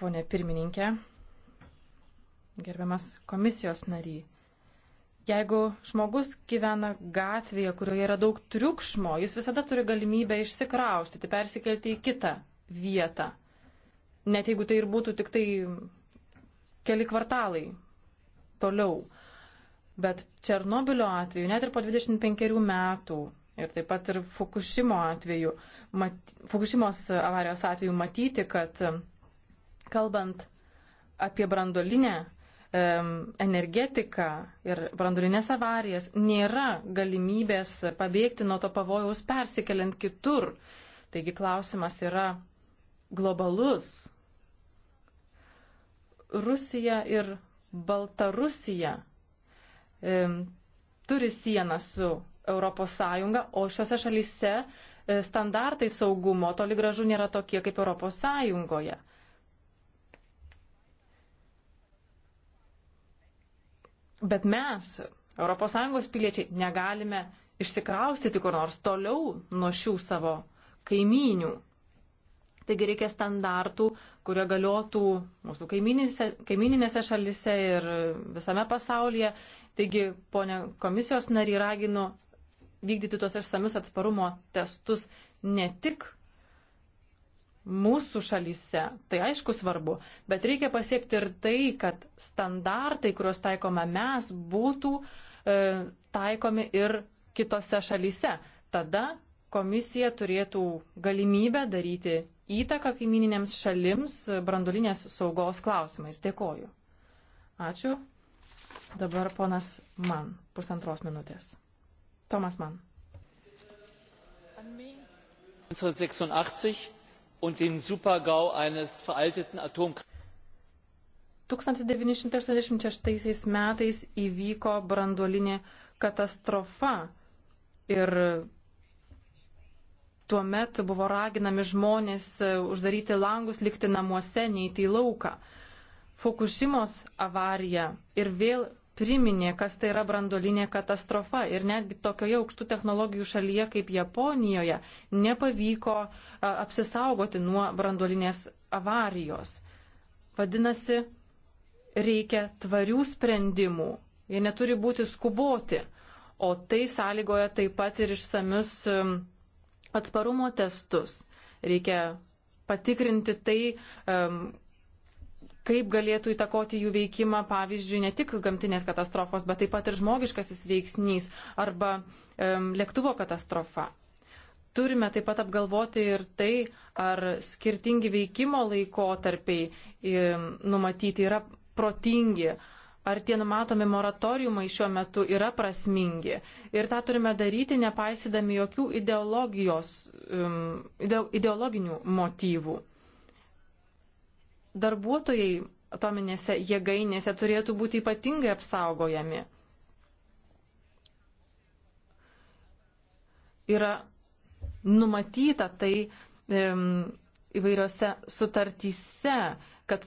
S4: ponė pirmininkė, gerbiamas komisijos nary. Jeigu žmogus gyvena gatvėje, kurioje yra daug triukšmo, jis visada turi galimybę išsikraustyti, persikelti į kitą vietą. Net jeigu tai ir būtų tik tai keli kvartalai toliau. Bet Černobilio atveju, net ir po 25 metų, ir taip pat ir Fukushimo atveju, mat, Fukushimos avarijos atveju matyti, kad kalbant apie brandolinę energetiką ir brandulinės avarijas nėra galimybės pabėgti nuo to pavojaus persikeliant kitur. Taigi klausimas yra globalus. Rusija ir Baltarusija e, turi sieną su ES, o šiuose šalyse e, standartai saugumo toli gražu nėra tokie kaip ES. Bet mes, ES piliečiai, negalime išsikraustyti kur nors toliau nuo šių savo kaimynių. Taigi reikia standartų, kurie galiotų mūsų kaimininėse šalise ir visame pasaulyje. Taigi, ponė komisijos nariai raginu vykdyti tuos išsamius atsparumo testus ne tik mūsų šalyse, tai aišku svarbu, bet reikia pasiekti ir tai, kad standartai, kuriuos taikome mes, būtų e, taikomi ir kitose šalyse. Tada komisija turėtų galimybę daryti įtaką kaimininėms šalims brandulinės saugos klausimais. Dėkoju. Ačiū. Dabar ponas man, pusantros minutės. Tomas man.
S2: 1986 und den Supergau eines veralteten Atomkraftwerks.
S4: 1986 metais įvyko branduolinė katastrofa ir tuomet buvo raginami žmonės e, uždaryti langus, likti namuose, neįti į lauką. Fukushimos avarija ir vėl priminė, kas tai yra brandolinė katastrofa. Ir netgi tokioje aukštų technologijų šalyje kaip Japonijoje nepavyko a, apsisaugoti nuo brandolinės avarijos. Vadinasi, reikia tvarių sprendimų. Jie neturi būti skuboti. O tai sąlygoja taip pat ir išsamius um, atsparumo testus. Reikia patikrinti tai, um, kaip galėtų įtakoti jų veikimą, pavyzdžiui, ne tik gamtinės katastrofos, bet taip pat ir žmogiškasis veiksnys arba um, lėktuvo katastrofa. Turime taip pat apgalvoti ir tai, ar skirtingi veikimo laikotarpiai um, numatyti yra protingi, ar tie numatomi moratoriumai šiuo metu yra prasmingi. Ir tą turime daryti, nepaisydami jokių ideologijos, um, ideologinių motyvų darbuotojai atominėse jėgainėse turėtų būti ypatingai apsaugojami. Yra numatyta tai įvairiose sutartyse, kad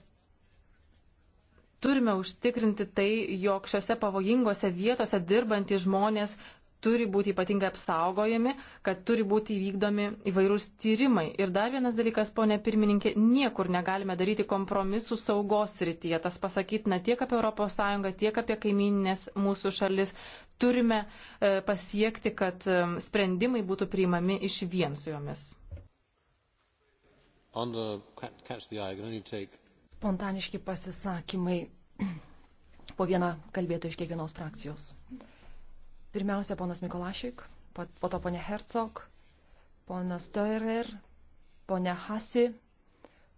S4: turime užtikrinti tai, jog šiuose pavojingose vietose dirbantys žmonės turi būti ypatingai apsaugojami, kad turi būti įvykdomi įvairūs tyrimai. Ir dar vienas dalykas, ponė pirmininkė, niekur negalime daryti kompromisų saugos rytyje. Tas pasakytina tiek apie ES, tiek apie kaimininės mūsų šalis. Turime e, pasiekti, kad e, sprendimai būtų priimami iš
S1: vien su jomis.
S2: Take...
S1: Spontaniški pasisakymai po vieną kalbėtą iš kiekvienos frakcijos. Mm -hmm. Pirmiausia, ponas Mikolašik, po, po to ponė Hercog, ponas Teurer, ponė Hasi,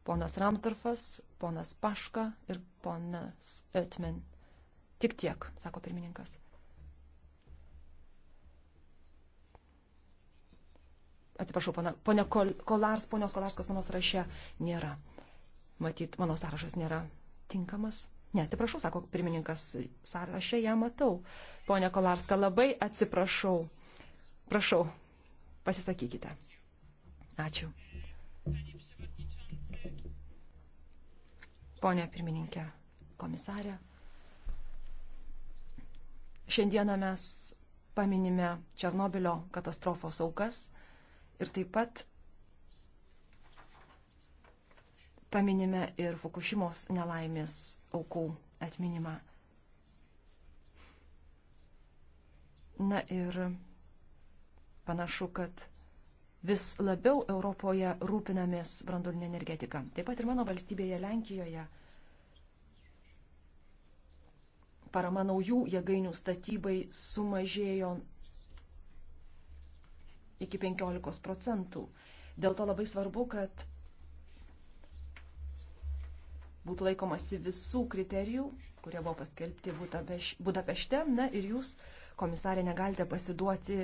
S1: ponas Ramsdorfas, ponas Paška ir ponas Ötmen. Tik tiek, sako pirmininkas. Atsiprašau, ponia, ponia Kol, Kolars, ponios Kolarskas mano sąraše nėra. Matyt, mano sąrašas nėra tinkamas. Ne, atsiprašau, sako pirmininkas, sąrašą ją matau. Pone Kolarska, labai atsiprašau. Prašau, pasisakykite. Ačiū. Pone pirmininkė, komisarė, šiandieną mes paminime Černobilio katastrofos aukas ir taip pat paminime ir Fukushimos nelaimės aukų atminimą. Na ir panašu, kad vis labiau Europoje rūpinamės brandulinė energetika. Taip pat ir mano valstybėje Lenkijoje parama naujų jėgainių statybai sumažėjo iki 15 procentų. Dėl to labai svarbu, kad būtų laikomasi visų kriterijų, kurie buvo paskelbti Budapešte. Na ir jūs, komisarė, negalite pasiduoti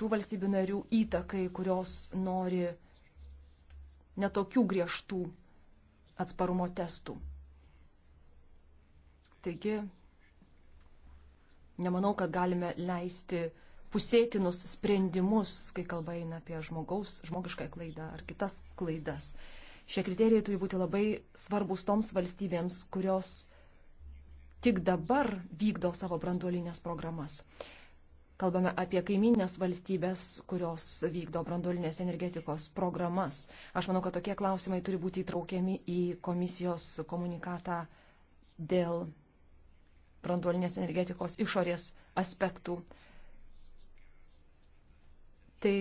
S1: tų valstybių narių įtakai, kurios nori netokių griežtų atsparumo testų. Taigi, nemanau, kad galime leisti pusėtinus sprendimus, kai kalba eina apie žmogaus, žmogišką klaidą ar kitas klaidas. Šie kriterijai turi būti labai svarbus toms valstybėms, kurios tik dabar vykdo savo branduolinės programas. Kalbame apie kaiminės valstybės, kurios vykdo branduolinės energetikos programas. Aš manau, kad tokie klausimai turi būti įtraukiami į komisijos komunikatą dėl branduolinės energetikos išorės aspektų. Tai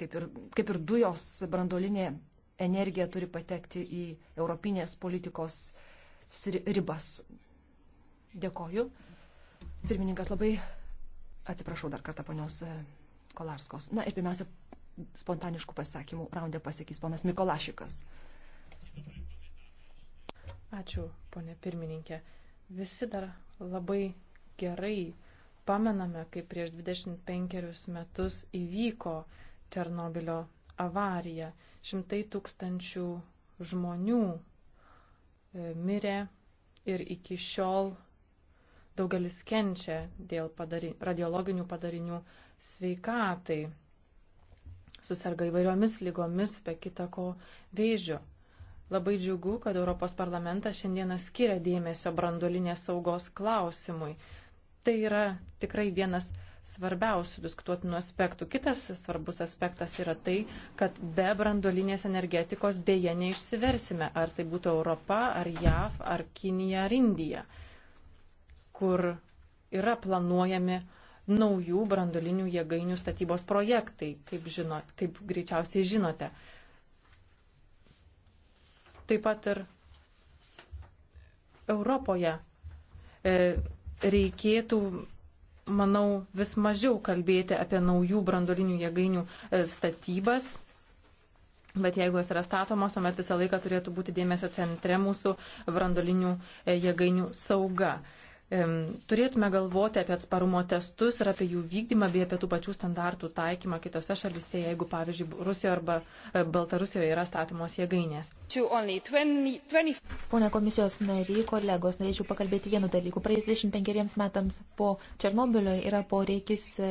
S1: kaip ir, kaip ir dujos brandolinė energija turi patekti į europinės politikos ribas. Dėkoju. Pirmininkas labai atsiprašau dar kartą ponios e, Kolarskos. Na ir pirmiausia, spontaniškų pasakymų raundė pasakys ponas Mikolašikas.
S4: Ačiū, ponė pirmininkė. Visi dar labai gerai pamename, kaip prieš 25 metus įvyko uh, Černobilio avariją. Šimtai tūkstančių žmonių e, mirė ir iki šiol daugelis kenčia dėl padari, radiologinių padarinių sveikatai. Susirga įvairiomis lygomis, be kita ko vėžiu. Labai džiugu, kad Europos parlamentas šiandieną skiria dėmesio brandolinės saugos klausimui. Tai yra tikrai vienas svarbiausių diskutuotinų aspektų. Kitas svarbus aspektas yra tai, kad be brandolinės energetikos dėje neišsiversime, ar tai būtų Europa, ar JAV, ar Kinija, ar Indija, kur yra planuojami naujų brandolinių jėgainių statybos projektai, kaip, žino, kaip greičiausiai žinote. Taip pat ir Europoje e, reikėtų manau, vis mažiau kalbėti apie naujų brandolinių jėgainių e, statybas. Bet jeigu jos yra statomos, tuomet visą laiką turėtų būti dėmesio centre mūsų brandolinių e, jėgainių sauga turėtume galvoti apie atsparumo testus ir apie jų vykdymą bei apie tų pačių standartų taikymą kitose šalise, jeigu, pavyzdžiui, Rusijoje arba e, Baltarusijoje yra statomos jėgainės.
S3: 20, 20... Pone komisijos nariai, kolegos, norėčiau pakalbėti vienu dalyku. Praėjus 25 metams po Černobilio yra poreikis e,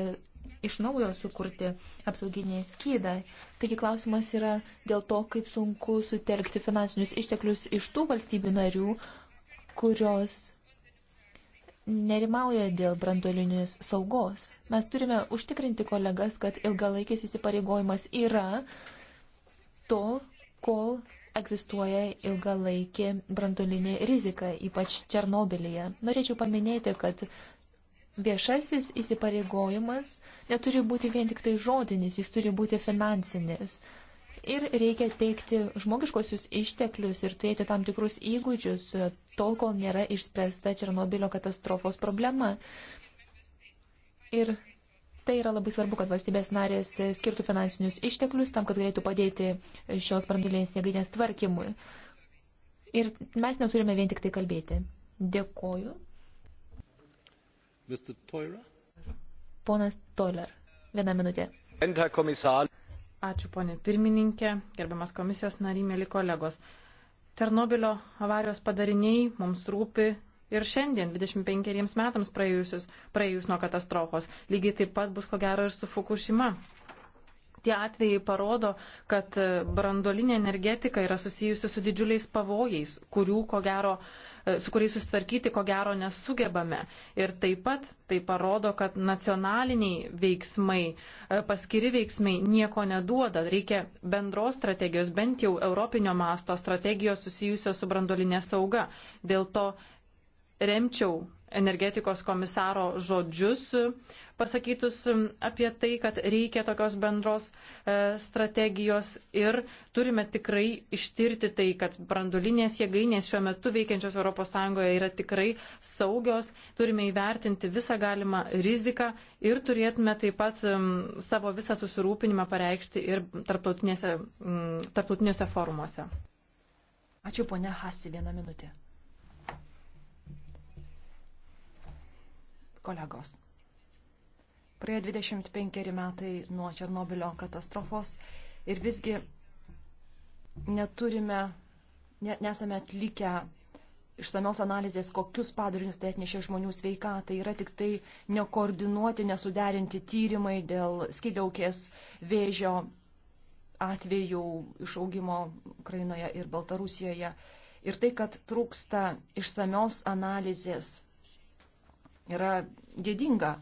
S3: iš naujo sukurti apsauginį skydą. Taigi klausimas yra dėl to, kaip sunku sutelkti finansinius išteklius iš tų valstybių narių, kurios nerimauja dėl brandolinės saugos. Mes turime užtikrinti kolegas, kad ilgalaikis įsipareigojimas yra tol, kol egzistuoja ilgalaikė brandolinė rizika, ypač Černobilyje. Norėčiau paminėti, kad viešasis įsipareigojimas neturi būti vien tik tai žodinis, jis turi būti finansinis ir reikia teikti žmogiškosius išteklius ir turėti tam tikrus įgūdžius, e, tol kol nėra išspręsta Černobilio katastrofos problema. Ir tai yra labai svarbu, kad valstybės narės e, skirtų finansinius išteklius tam, kad galėtų padėti e, šios brandulinės jėgainės tvarkymui. Ir mes neturime vien tik tai kalbėti. Dėkoju.
S4: Ponas Toiler, viena minutė.
S5: Herr Kommissar.
S4: Ačiū, ponė pirmininkė, gerbiamas komisijos nary, mėly kolegos. Ternobilio avarijos padariniai mums rūpi ir šiandien, 25 metams praėjusius, praėjus nuo katastrofos. Lygiai taip pat bus ko gero ir su Fukushima tie atvejai parodo, kad brandolinė energetika yra susijusi su didžiuliais pavojais, kurių, ko gero, e, su kuriais sustvarkyti ko gero nesugebame. Ir taip pat tai parodo, kad nacionaliniai veiksmai, e, paskiri veiksmai nieko neduoda. Reikia bendros strategijos, bent jau europinio masto strategijos susijusios su brandolinė sauga. Dėl to remčiau energetikos komisaro žodžius pasakytus um, apie tai, kad reikia tokios bendros e, strategijos ir turime tikrai ištirti tai, kad brandulinės jėgainės šiuo metu veikiančios ES yra tikrai saugios, turime įvertinti visą galimą riziką ir turėtume taip pat e, savo visą susirūpinimą pareikšti ir tarptautinėse, m, mm, tarptautinėse forumuose.
S1: Ačiū, ponia Hasi, vieną minutę. kolegos. Praėjo 25 metai nuo Černobilio katastrofos ir visgi neturime, ne, nesame atlikę išsamios analizės, kokius padarinius tai atnešė žmonių sveikatai. Yra tik tai nekoordinuoti, nesuderinti tyrimai dėl skydliaukės vėžio atvejų išaugimo Ukrainoje ir Baltarusijoje. Ir tai, kad trūksta išsamios analizės, yra gėdinga.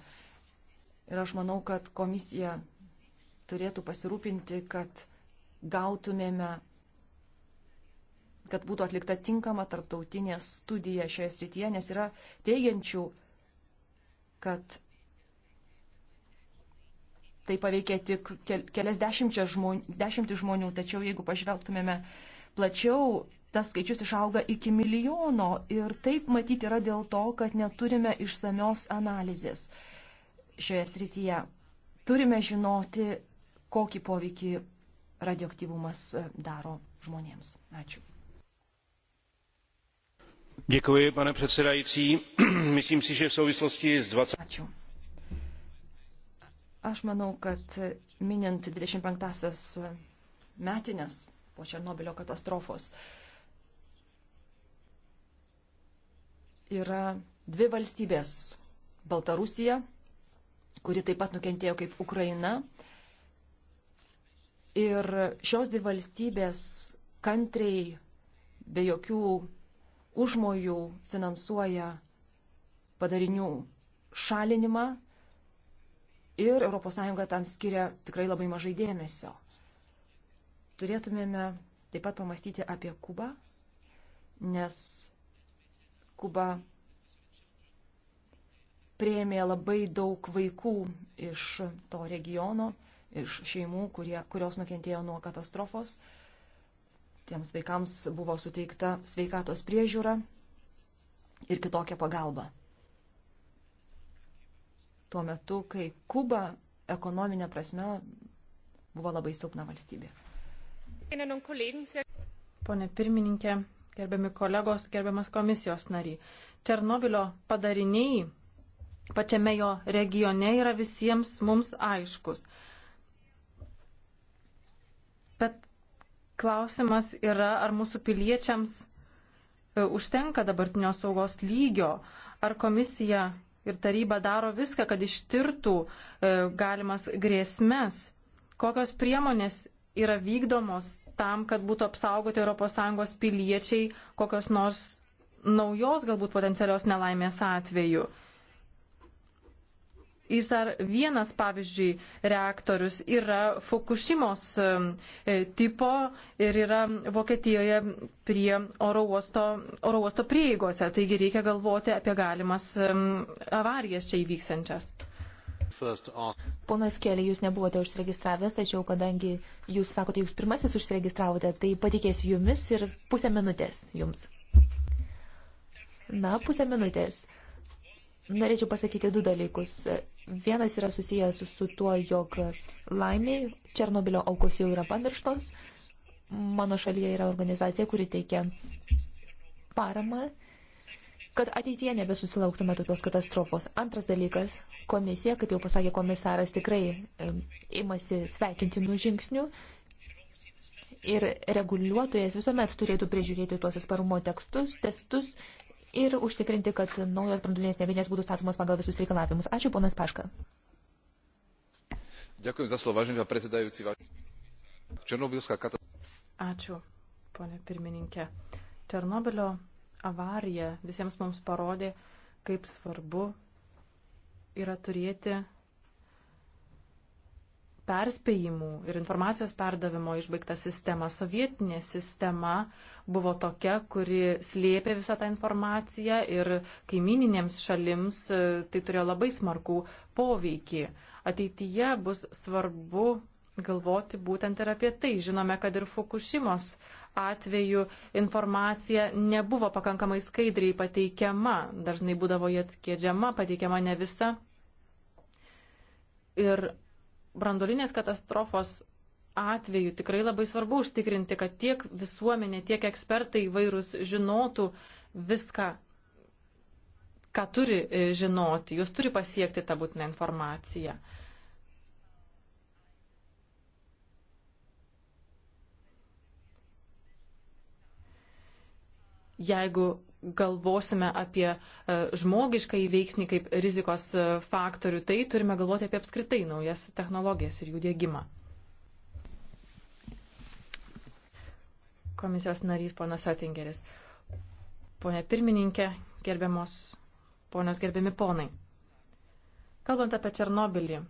S1: Ir aš manau, kad komisija turėtų pasirūpinti, kad gautumėme, kad būtų atlikta tinkama tarptautinė studija šioje srityje, nes yra teigiančių, kad tai paveikė tik kelias žmonių, dešimtį žmonių, tačiau jeigu pažvelgtumėme plačiau, tas skaičius išauga iki milijono ir taip matyti yra dėl to, kad neturime išsamios analizės šioje srityje. Turime žinoti, kokį poveikį radioaktyvumas e, daro žmonėms. Ačiū.
S5: Děkuji, pane předsedající. Myslím si, že v souvislosti s 20. Ačiū.
S1: Aš manau, kad minint 25-asias e, metinės po Černobilio katastrofos yra dvi valstybės - Baltarusija kuri taip pat nukentėjo kaip Ukraina. Ir šios dvi valstybės kantriai, be jokių užmojų finansuoja padarinių šalinimą ir ES tam skiria tikrai labai mažai dėmesio. Turėtumėme taip pat pamastyti apie Kubą, nes Kuba prieėmė labai daug vaikų iš to regiono, iš šeimų, kurie, kurios nukentėjo nuo katastrofos. Tiems vaikams buvo suteikta sveikatos priežiūra ir kitokia pagalba. Tuo metu, kai Kuba ekonominė prasme buvo labai silpna valstybė.
S4: Pone pirmininkė, gerbiami kolegos, gerbiamas komisijos nariai, Černobilio padariniai pačiame jo regione yra visiems mums aiškus. Bet klausimas yra, ar mūsų piliečiams e, užtenka dabartinio saugos lygio, ar komisija ir taryba daro viską, kad ištirtų e, galimas grėsmes, kokios priemonės yra vykdomos tam, kad būtų apsaugoti ES piliečiai kokios nors naujos galbūt potencialios nelaimės atveju. ISAR vienas, pavyzdžiui, reaktorius yra Fukushimos e, tipo ir yra Vokietijoje prie oro uosto, oro uosto prieigose. Taigi reikia galvoti apie galimas avarijas čia įvyksančias. Ponas Kelė, jūs
S3: nebuvote užsiregistravęs, tačiau kadangi jūs sakote, jūs pirmasis užsiregistravote, tai patikėsiu jumis ir pusę minutės jums. Na, pusę minutės. Norėčiau pasakyti du dalykus. Vienas yra susijęs su tuo, jog laimiai Černobilio aukos jau yra pamirštos. Mano šalyje yra organizacija, kuri teikia paramą, kad ateityje nebesusilauktume tokios katastrofos. Antras dalykas, komisija, kaip jau pasakė komisaras, tikrai imasi sveikintinų žingsnių ir reguliuotojas visuomet turėtų prižiūrėti tuos atsparumo tekstus, testus ir užtikrinti, kad naujos brandulinės jėgainės būtų statomos pagal visus reikalavimus. Ačiū, ponas Paška.
S5: Ďakujem za slovo, vážený pán predsedajúci. Černobylská katastrofa.
S4: Ačiū, ponė pirmininkė. Černobylio avarija visiems mums parodė, kaip svarbu yra turėti perspėjimų ir informacijos perdavimo išbaigta sistema. Sovietinė sistema buvo tokia, kuri slėpė visą tą informaciją ir kaimininėms šalims e, tai turėjo labai smarkų poveikį. Ateityje bus svarbu galvoti būtent ir apie tai. Žinome, kad ir Fukushimos atveju informacija nebuvo pakankamai skaidriai pateikiama. Dažnai būdavo jie atskėdžiama, pateikiama ne visa. Ir brandolinės katastrofos atveju tikrai labai svarbu užtikrinti, kad tiek visuomenė, tiek ekspertai vairūs žinotų viską, ką turi e, žinoti, jūs turi pasiekti tą būtinę informaciją. Jeigu galvosime apie e, žmogišką įveiksnį kaip rizikos e, faktorių, tai turime galvoti apie apskritai naujas technologijas ir jų dėgymą. Komisijos narys ponas Atingeris. Pone pirmininkė, gerbiamos ponios, gerbiami ponai. Kalbant apie Černobilį,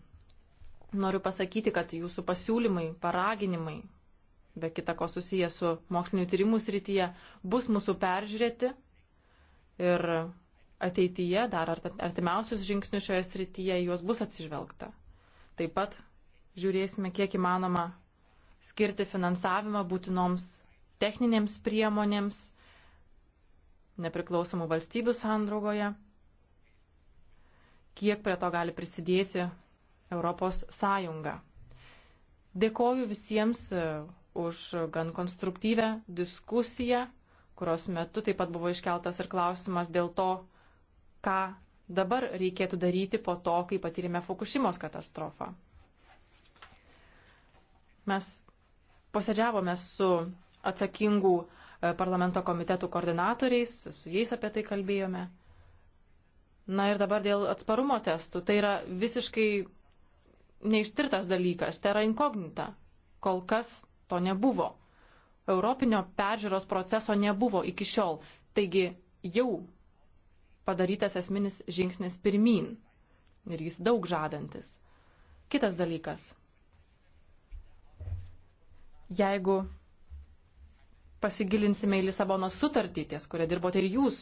S4: noriu pasakyti, kad jūsų pasiūlymai, paraginimai, be kita ko susiję su mokslinių tyrimų srityje, bus mūsų peržiūrėti ir ateityje dar artimiausius žingsnius šioje srityje juos bus atsižvelgta. Taip pat žiūrėsime, kiek įmanoma skirti finansavimą būtinoms techninėms priemonėms nepriklausomų valstybių sandraugoje, kiek prie to gali prisidėti Europos Sąjunga. Dėkoju visiems e, už gan konstruktyvę diskusiją kurios metu taip pat buvo iškeltas ir klausimas dėl to, ką dabar reikėtų daryti po to, kai patyrėme Fukushimos katastrofą. Mes posėdžiavome su atsakingų e, parlamento komitetų koordinatoriais, su jais apie tai kalbėjome. Na ir dabar dėl atsparumo testų. Tai yra visiškai neištirtas dalykas, tai yra inkognita. Kol kas to nebuvo. Europinio peržiūros proceso nebuvo iki šiol. Taigi jau padarytas esminis žingsnis pirmin ir jis daug žadantis. Kitas dalykas. Jeigu pasigilinsime į Lisabono sutartį, ties kurią dirbote ir jūs,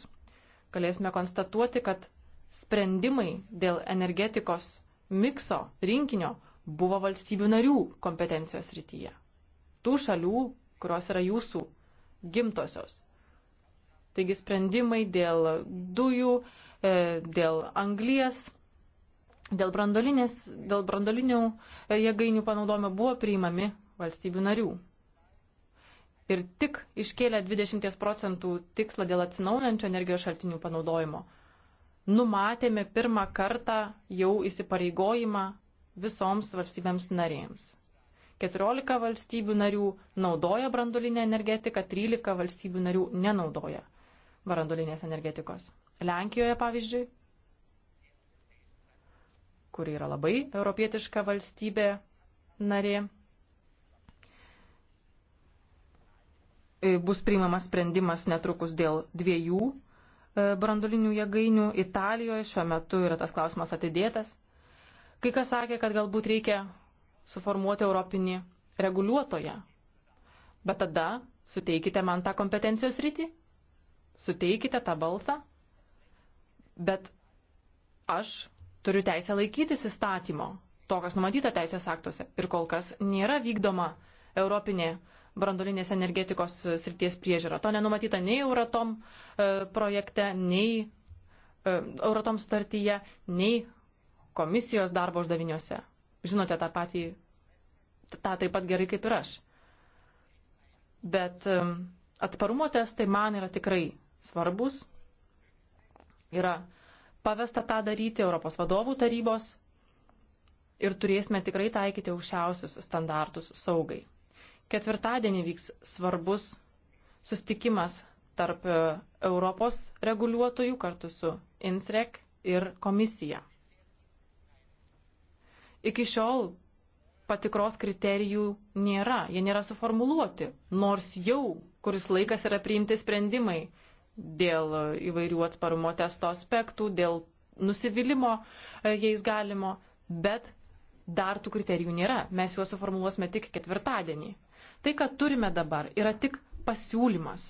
S4: galėsime konstatuoti, kad sprendimai dėl energetikos mikso rinkinio buvo valstybių narių kompetencijos rytyje. Tų šalių, kurios yra jūsų gimtosios. Taigi sprendimai dėl dujų, e, dėl anglies, dėl, dėl brandolinių e, jėgainių panaudojimo buvo priimami valstybių narių. Ir tik iškėlę 20 procentų tikslą dėl atsinaujančio energijos šaltinių panaudojimo, numatėme pirmą kartą jau įsipareigojimą visoms valstybėms narėms. 14 valstybių narių naudoja brandolinę energetiką, 13 valstybių narių nenaudoja brandolinės energetikos. Lenkijoje, pavyzdžiui, kuri yra labai europietiška valstybė narė, bus priimamas sprendimas netrukus dėl dviejų e, brandolinių jėgainių. Italijoje šiuo metu yra tas klausimas atidėtas. Kai kas sakė, kad galbūt reikia suformuoti europinį reguliuotoją. Bet tada suteikite man tą kompetencijos rytį, suteikite tą balsą, bet aš turiu teisę laikytis įstatymo, to, kas numatyta teisės aktuose. Ir kol kas nėra vykdoma europinė brandolinės energetikos e, srities priežiūra. To nenumatyta nei Euratom e, projekte, nei e, Euratom sutartyje, nei komisijos darbo uždaviniuose žinote tą patį, tą taip pat gerai kaip ir aš. Bet um, atsparumo testai man yra tikrai svarbus. Yra pavesta tą daryti Europos vadovų tarybos ir turėsime tikrai taikyti aukščiausius standartus saugai. Ketvirtadienį vyks svarbus sustikimas tarp e, Europos reguliuotojų kartu su INSREC ir komisija. Iki šiol patikros kriterijų nėra, jie nėra suformuluoti, nors jau kuris laikas yra priimti sprendimai dėl įvairių atsparumo testo aspektų, dėl nusivylimų e, jais galimo, bet dar tų kriterijų nėra. Mes juos suformuluosime tik ketvirtadienį. Tai, ką turime dabar, yra tik pasiūlymas.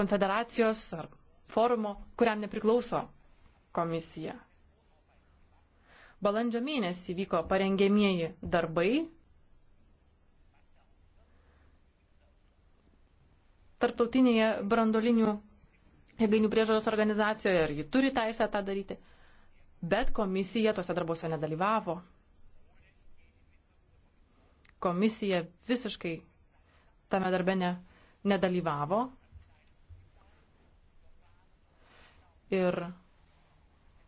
S4: Konfederacijos ar forumo, kuriam nepriklauso komisija. Balandžio mėnesį vyko parengėmieji darbai. Tarptautinėje brandolinių jėgainių priežaros organizacijoje ir ji turi teisę tą daryti. Bet komisija tuose darbuose nedalyvavo. Komisija visiškai tame darbe ne, nedalyvavo. Ir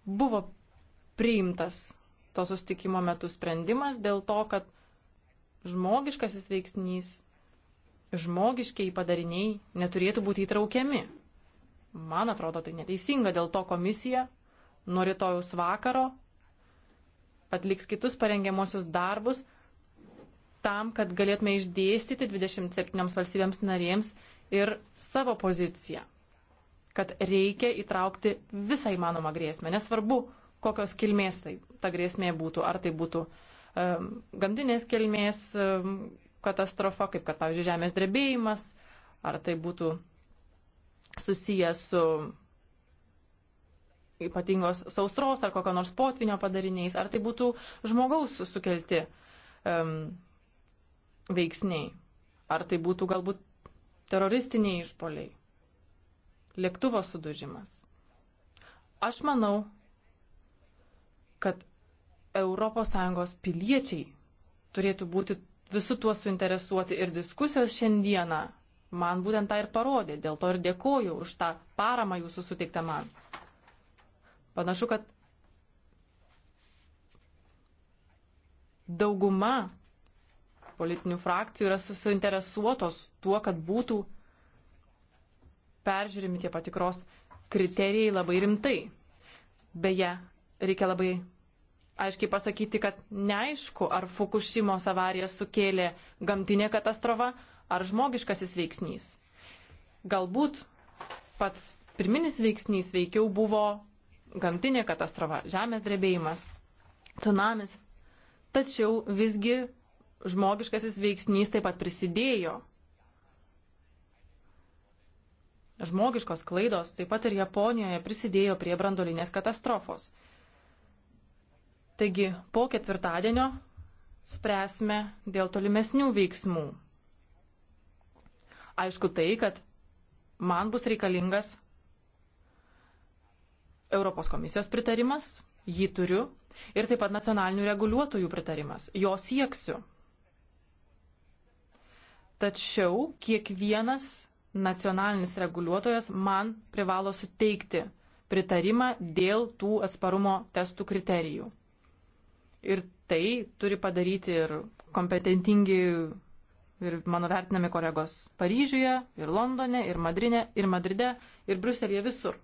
S4: buvo priimtas to sustikimo metu sprendimas dėl to, kad žmogiškasis veiksnys, žmogiškiai padariniai neturėtų būti įtraukiami. Man atrodo, tai neteisinga, dėl to komisija nuo rytojus vakaro atliks kitus parengiamosius darbus tam, kad galėtume išdėstyti 27 valstybėms narėms ir savo poziciją kad reikia įtraukti visą įmanomą grėsmę, nesvarbu, kokios kilmės tai ta grėsmė būtų, ar tai būtų um, gamtinės kilmės um, katastrofa, kaip kad, pavyzdžiui, žemės drebėjimas, ar tai būtų susijęs su ypatingos saustros ar kokio nors potvinio padariniais, ar tai būtų žmogaus sukelti um, veiksniai, ar tai būtų galbūt teroristiniai išpoliai lėktuvo sudužimas. Aš manau, kad ES piliečiai turėtų būti visu tuo suinteresuoti ir diskusijos šiandieną man būtent tą ir parodė, dėl to ir dėkoju už tą paramą jūsų suteiktą man. Panašu, kad dauguma politinių frakcijų yra susinteresuotos tuo, kad būtų peržiūrimi tie patikros kriterijai labai rimtai. Beje, reikia labai aiškiai pasakyti, kad neaišku, ar Fukushimos avarija sukėlė gamtinė katastrofa ar žmogiškasis veiksnys. Galbūt pats pirminis veiksnys veikiau buvo gamtinė katastrofa, žemės drebėjimas, tsunamis. Tačiau visgi žmogiškasis veiksnys taip pat prisidėjo žmogiškos klaidos taip pat ir Japonijoje prisidėjo prie brandolinės katastrofos. Taigi po ketvirtadienio spręsime dėl tolimesnių veiksmų. Aišku tai, kad man bus reikalingas Europos komisijos pritarimas, jį turiu, ir taip pat nacionalinių reguliuotojų pritarimas. Jo sieksiu. Tačiau kiekvienas nacionalinis reguliuotojas man privalo suteikti pritarimą dėl tų atsparumo testų kriterijų. Ir tai turi padaryti ir kompetentingi ir mano vertinami kolegos Paryžiuje, ir Londone, ir Madrine, ir Madride, ir Bruselėje visur.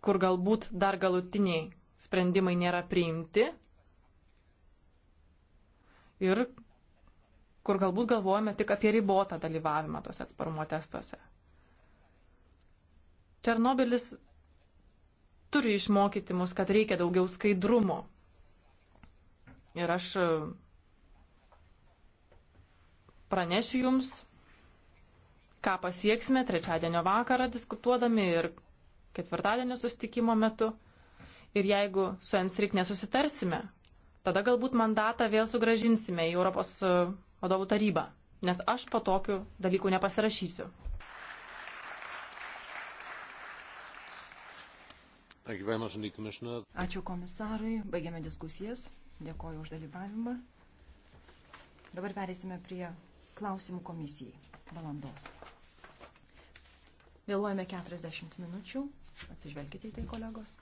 S4: Kur galbūt dar galutiniai sprendimai nėra priimti ir kur galbūt galvojame tik apie ribotą dalyvavimą tose atsparumo testuose. Černobilis turi išmokyti mus, kad reikia daugiau skaidrumo. Ir aš e, pranešiu jums, ką pasieksime trečiadienio vakarą diskutuodami ir ketvirtadienio sustikimo metu. Ir jeigu su Ensrik nesusitarsime, tada galbūt mandatą vėl sugražinsime į Europos e, vadovų tarybą, nes aš po tokių dalykų nepasirašysiu.
S1: Ačiū komisarui, baigiame diskusijas, dėkoju už dalyvavimą. Dabar perėsime prie klausimų komisijai valandos. Vėluojame 40 minučių, atsižvelgite į tai kolegos.